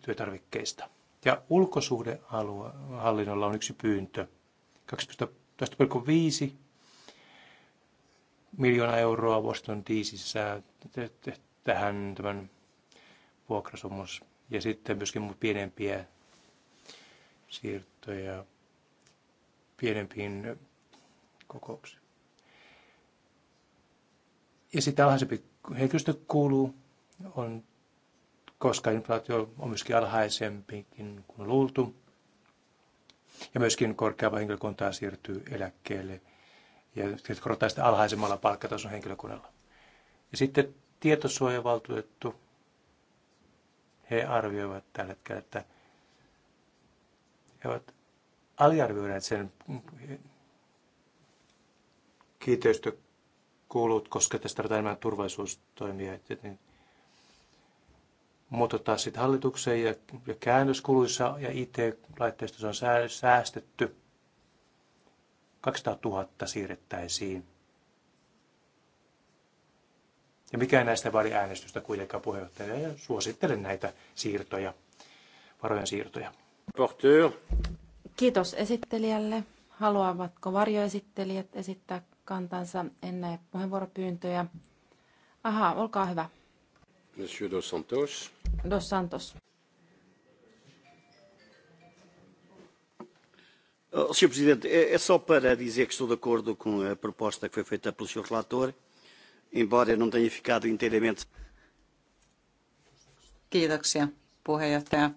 työtarvikkeista. Ja ulkosuhdehallinnolla on yksi pyyntö. 12,5 miljoonaa euroa Boston DCissä tähän tämän vuokrasomus ja sitten myöskin pienempiä siirtoja pienempiin kokouksiin. Ja sitten alhaisempi henkilöstö kuuluu, on, koska inflaatio on myöskin alhaisempikin kuin luultu. Ja myöskin korkeava henkilökuntaa siirtyy eläkkeelle ja korottaa sitä alhaisemmalla palkkatason henkilökunnalla. Ja sitten tietosuojavaltuutettu, he arvioivat tällä hetkellä, että he ovat aliarvioineet sen kiinteistökulut, koska tästä tarvitaan enemmän turvallisuustoimia. Niin. Mutta taas sitten hallituksen ja, ja käännöskuluissa ja IT-laitteistossa on säästetty. 200 000 siirrettäisiin ja mikään näistä vaadi äänestystä kuitenkaan puheenjohtajana ja suosittelen näitä siirtoja, varojen siirtoja. Porteur. Kiitos esittelijälle. Haluavatko varjoesittelijät esittää kantansa? ennen puheenvuoropyyntöjä. Aha, olkaa hyvä. Monsieur Dos Santos. Dos Santos. Oh, Sr. Presidente, é só para dizer que estou de acordo com a proposta que foi feita pelo Sr. Relator embora não tenha ficado inteiramente. Kiitoksia puheenjohtaja.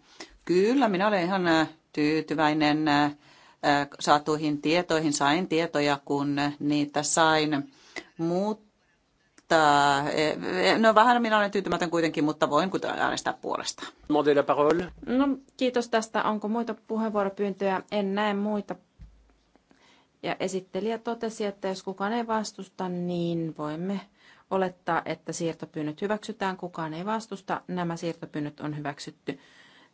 Kyllä, minä olen ihan äh, tyytyväinen äh, äh, saatuihin tietoihin. Sain tietoja, kun niitä sain. Mutta, eh, no vähän minä olen tyytymätön kuitenkin, mutta voin kuitenkin äänestää puolesta. No kiitos tästä. Onko muita puheenvuoropyyntöjä? En näe muita. Ja esittelijä totesi, että jos kukaan ei vastusta, niin voimme olettaa, että siirtopyynnöt hyväksytään. Kukaan ei vastusta. Nämä siirtopyynnöt on hyväksytty.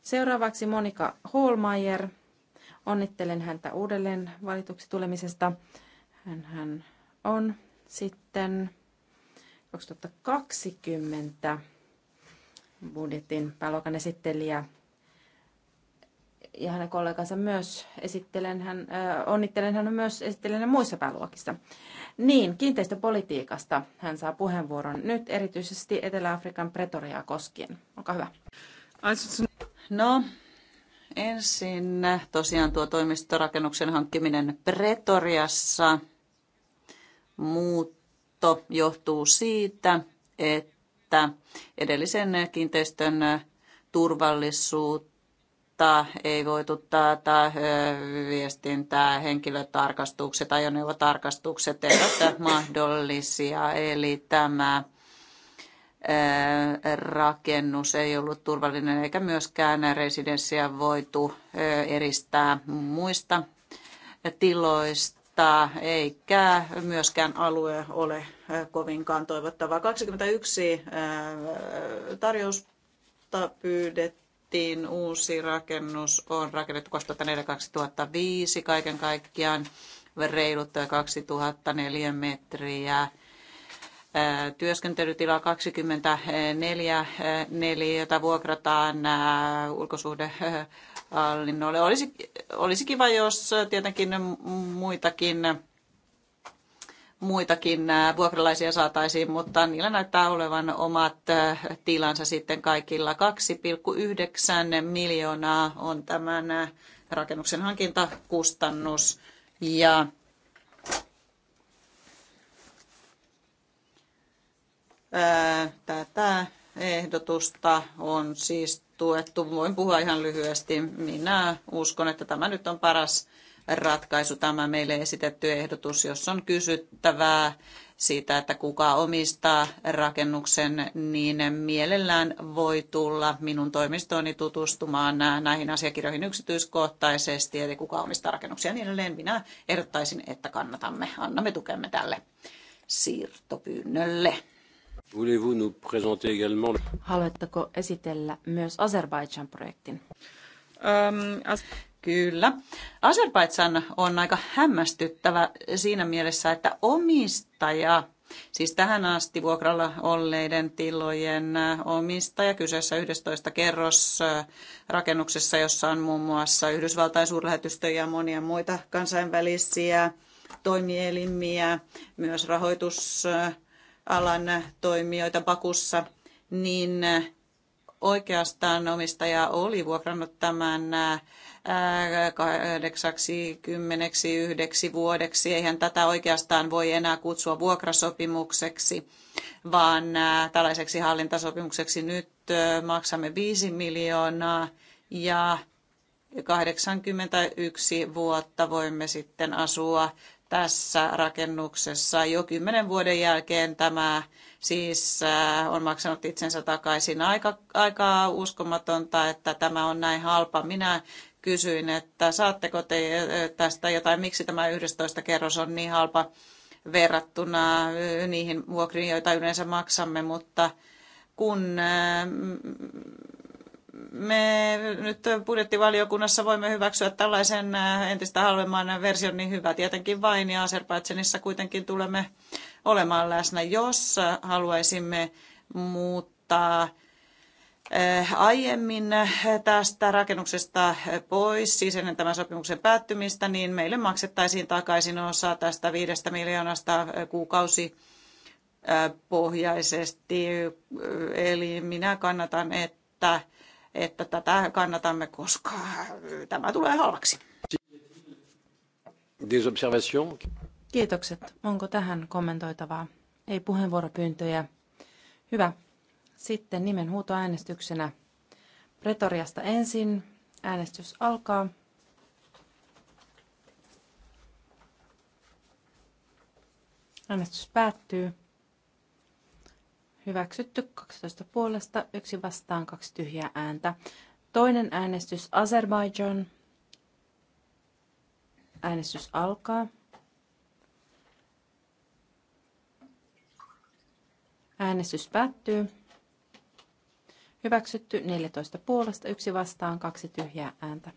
Seuraavaksi Monika Holmeier. Onnittelen häntä uudelleen valituksi tulemisesta. Hän on sitten 2020 budjetin pääluokan esittelijä ja hänen kollegansa myös. Esittelen hän, äh, onnittelen hän myös esittelen muissa pääluokissa. Niin, kiinteistöpolitiikasta hän saa puheenvuoron nyt erityisesti Etelä-Afrikan pretoriaa koskien. Olkaa hyvä. No, ensin tosiaan tuo toimistorakennuksen hankkiminen Pretoriassa. Muutto johtuu siitä, että edellisen kiinteistön turvallisuutta taata, ei voitu taata viestintää, henkilötarkastukset, ajoneuvotarkastukset eivät mahdollisia. Eli tämä rakennus ei ollut turvallinen eikä myöskään residenssiä voitu eristää muista tiloista eikä myöskään alue ole kovinkaan toivottava. 21 tarjousta pyydettiin rakennettiin. Uusi rakennus on rakennettu 2004-2005 kaiken kaikkiaan reilut 2004 metriä. Työskentelytila 24 neliötä vuokrataan ulkosuhde Olisi, olisi kiva, jos tietenkin muitakin muitakin äh, vuokralaisia saataisiin, mutta niillä näyttää olevan omat äh, tilansa sitten kaikilla. 2,9 miljoonaa on tämän äh, rakennuksen hankintakustannus ja tätä ehdotusta on siis tuettu. Voin puhua ihan lyhyesti. Minä uskon, että tämä nyt on paras ratkaisu, tämä meille esitetty ehdotus, jos on kysyttävää siitä, että kuka omistaa rakennuksen, niin mielellään voi tulla minun toimistooni tutustumaan näihin asiakirjoihin yksityiskohtaisesti, eli kuka omistaa rakennuksia ja niin edelleen. Minä ehdottaisin, että kannatamme, annamme tukemme tälle siirtopyynnölle. Haluatteko esitellä myös Azerbaidžan projektin? Um, ähm, as- Kyllä. Azerbaidsan on aika hämmästyttävä siinä mielessä, että omistaja, siis tähän asti vuokralla olleiden tilojen omistaja, kyseessä 11 kerros äh, rakennuksessa, jossa on muun muassa Yhdysvaltain suurlähetystö ja monia muita kansainvälisiä toimielimiä, myös rahoitusalan toimijoita Bakussa, niin äh, oikeastaan omistaja oli vuokrannut tämän äh, Kahdeksaksi, kymmeneksi, yhdeksi vuodeksi. Eihän tätä oikeastaan voi enää kutsua vuokrasopimukseksi, vaan tällaiseksi hallintasopimukseksi nyt maksamme 5 miljoonaa ja 81 vuotta voimme sitten asua tässä rakennuksessa jo kymmenen vuoden jälkeen tämä siis on maksanut itsensä takaisin. Aika, aika uskomatonta, että tämä on näin halpa. Minä kysyin, että saatteko te tästä jotain, miksi tämä 11 kerros on niin halpa verrattuna niihin vuokriin, joita yleensä maksamme, mutta kun me nyt budjettivaliokunnassa voimme hyväksyä tällaisen entistä halvemman version, niin hyvä tietenkin vain, ja Aserbaidsenissa kuitenkin tulemme olemaan läsnä, jos haluaisimme muuttaa Eh, aiemmin eh, tästä rakennuksesta eh, pois, siis ennen tämän sopimuksen päättymistä, niin meille maksettaisiin takaisin osa tästä viidestä miljoonasta kuukausi pohjaisesti. Eli minä kannatan, että, että tätä kannatamme, koska tämä tulee halvaksi. Kiitokset. Onko tähän kommentoitavaa? Ei puheenvuoropyyntöjä. Hyvä. Sitten nimenhuutoäänestyksenä Pretoriasta ensin. Äänestys alkaa. Äänestys päättyy. Hyväksytty 12 puolesta, yksi vastaan, kaksi tyhjää ääntä. Toinen äänestys Azerbaijan. Äänestys alkaa. Äänestys päättyy. Hyväksytty 14 puolesta, yksi vastaan, kaksi tyhjää ääntä.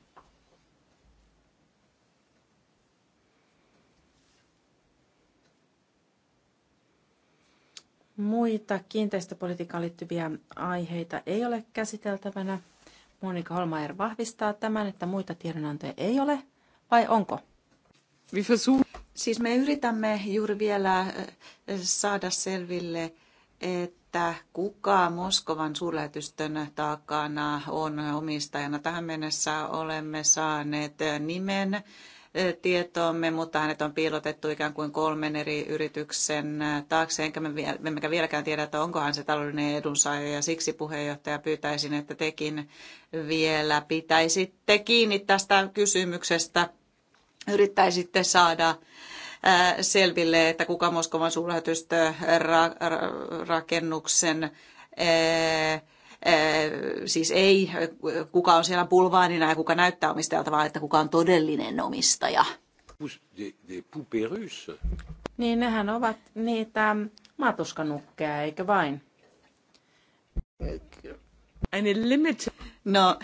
Muita kiinteistöpolitiikkaan liittyviä aiheita ei ole käsiteltävänä. Monika Holmaer vahvistaa tämän, että muita tiedonantoja ei ole, vai onko? Siis me yritämme juuri vielä eh, saada selville että kuka Moskovan suurlähetystön takana on omistajana. Tähän mennessä olemme saaneet nimen tietoomme, mutta hänet on piilotettu ikään kuin kolmen eri yrityksen taakse, enkä me, emmekä vieläkään tiedä, että onko hän se taloudellinen edunsaaja, ja siksi puheenjohtaja pyytäisin, että tekin vielä pitäisitte kiinni tästä kysymyksestä, yrittäisitte saada Äh, selville, että kuka Moskovan rakennuksen, äh, äh, siis ei kuka on siellä pulvaanina ja kuka näyttää omistajalta, vaan että kuka on todellinen omistaja. Niin nehän ovat niitä matuskanukkeja, eikö vain? No,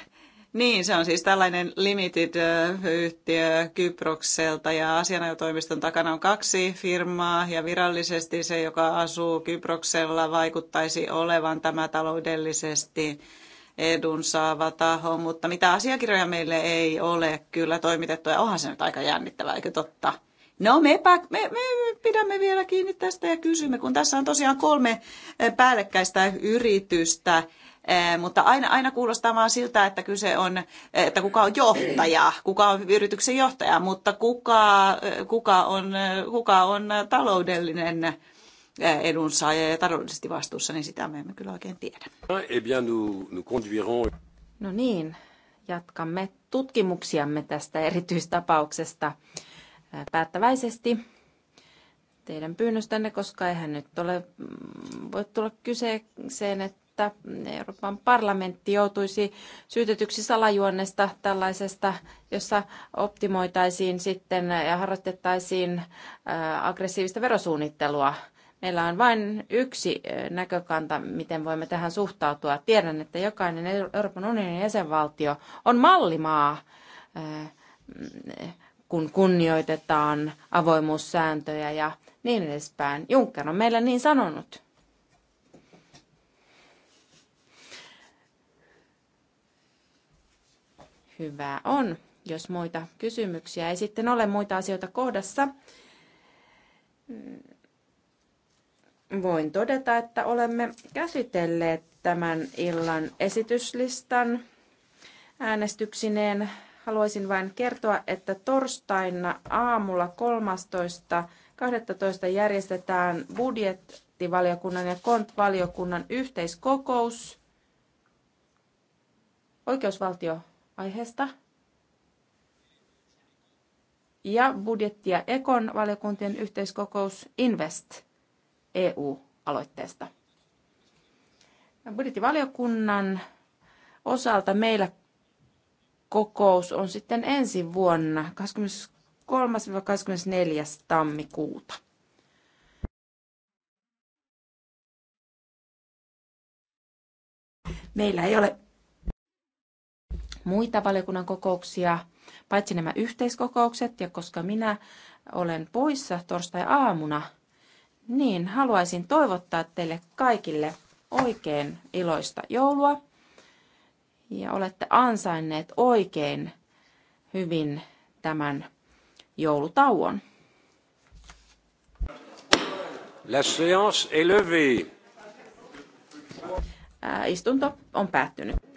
niin, se on siis tällainen limited-yhtiö Kyprokselta ja asianajotoimiston takana on kaksi firmaa ja virallisesti se, joka asuu Kyproksella, vaikuttaisi olevan tämä taloudellisesti edunsaava taho, mutta mitä asiakirjoja meille ei ole kyllä toimitettu ja onhan se nyt aika jännittävää, eikö totta? No mepä, me, me pidämme vielä kiinni tästä ja kysymme, kun tässä on tosiaan kolme päällekkäistä yritystä, Eh, mutta aina, aina kuulostaa vaan siltä, että kyse on, eh, että kuka on johtaja, kuka on yrityksen johtaja, mutta kuka, eh, kuka, on, kuka on taloudellinen edunsaaja ja taloudellisesti vastuussa, niin sitä me emme kyllä oikein tiedä. No niin, jatkamme tutkimuksiamme tästä erityistapauksesta päättäväisesti teidän pyynnöstänne, koska eihän nyt ole, mm, voi tulla kyseeseen, että että Euroopan parlamentti joutuisi syytetyksi salajuonnesta tällaisesta, jossa optimoitaisiin sitten ja harrastettaisiin aggressiivista verosuunnittelua. Meillä on vain yksi näkökanta, miten voimme tähän suhtautua. Tiedän, että jokainen Euroopan unionin jäsenvaltio on mallimaa, kun kunnioitetaan avoimuussääntöjä ja niin edespäin. Juncker on meillä niin sanonut. hyvää on. Jos muita kysymyksiä ei sitten ole muita asioita kohdassa, mm, voin todeta, että olemme käsitelleet tämän illan esityslistan äänestyksineen. Haluaisin vain kertoa, että torstaina aamulla 13.12. järjestetään budjettivaliokunnan ja kontvaliokunnan yhteiskokous oikeusvaltio aiheesta. Ja budjetti- ja Ekon valiokuntien yhteiskokous Invest EU-aloitteesta. Budjettivaliokunnan osalta meillä kokous on sitten ensi vuonna 23-24. tammikuuta. Meillä ei ole muita valiokunnan kokouksia, paitsi nämä yhteiskokoukset. Ja koska minä olen poissa torstai-aamuna, niin haluaisin toivottaa teille kaikille oikein iloista joulua. Ja olette ansainneet oikein hyvin tämän joulutauon. La séance est levée. Istunto on päättynyt.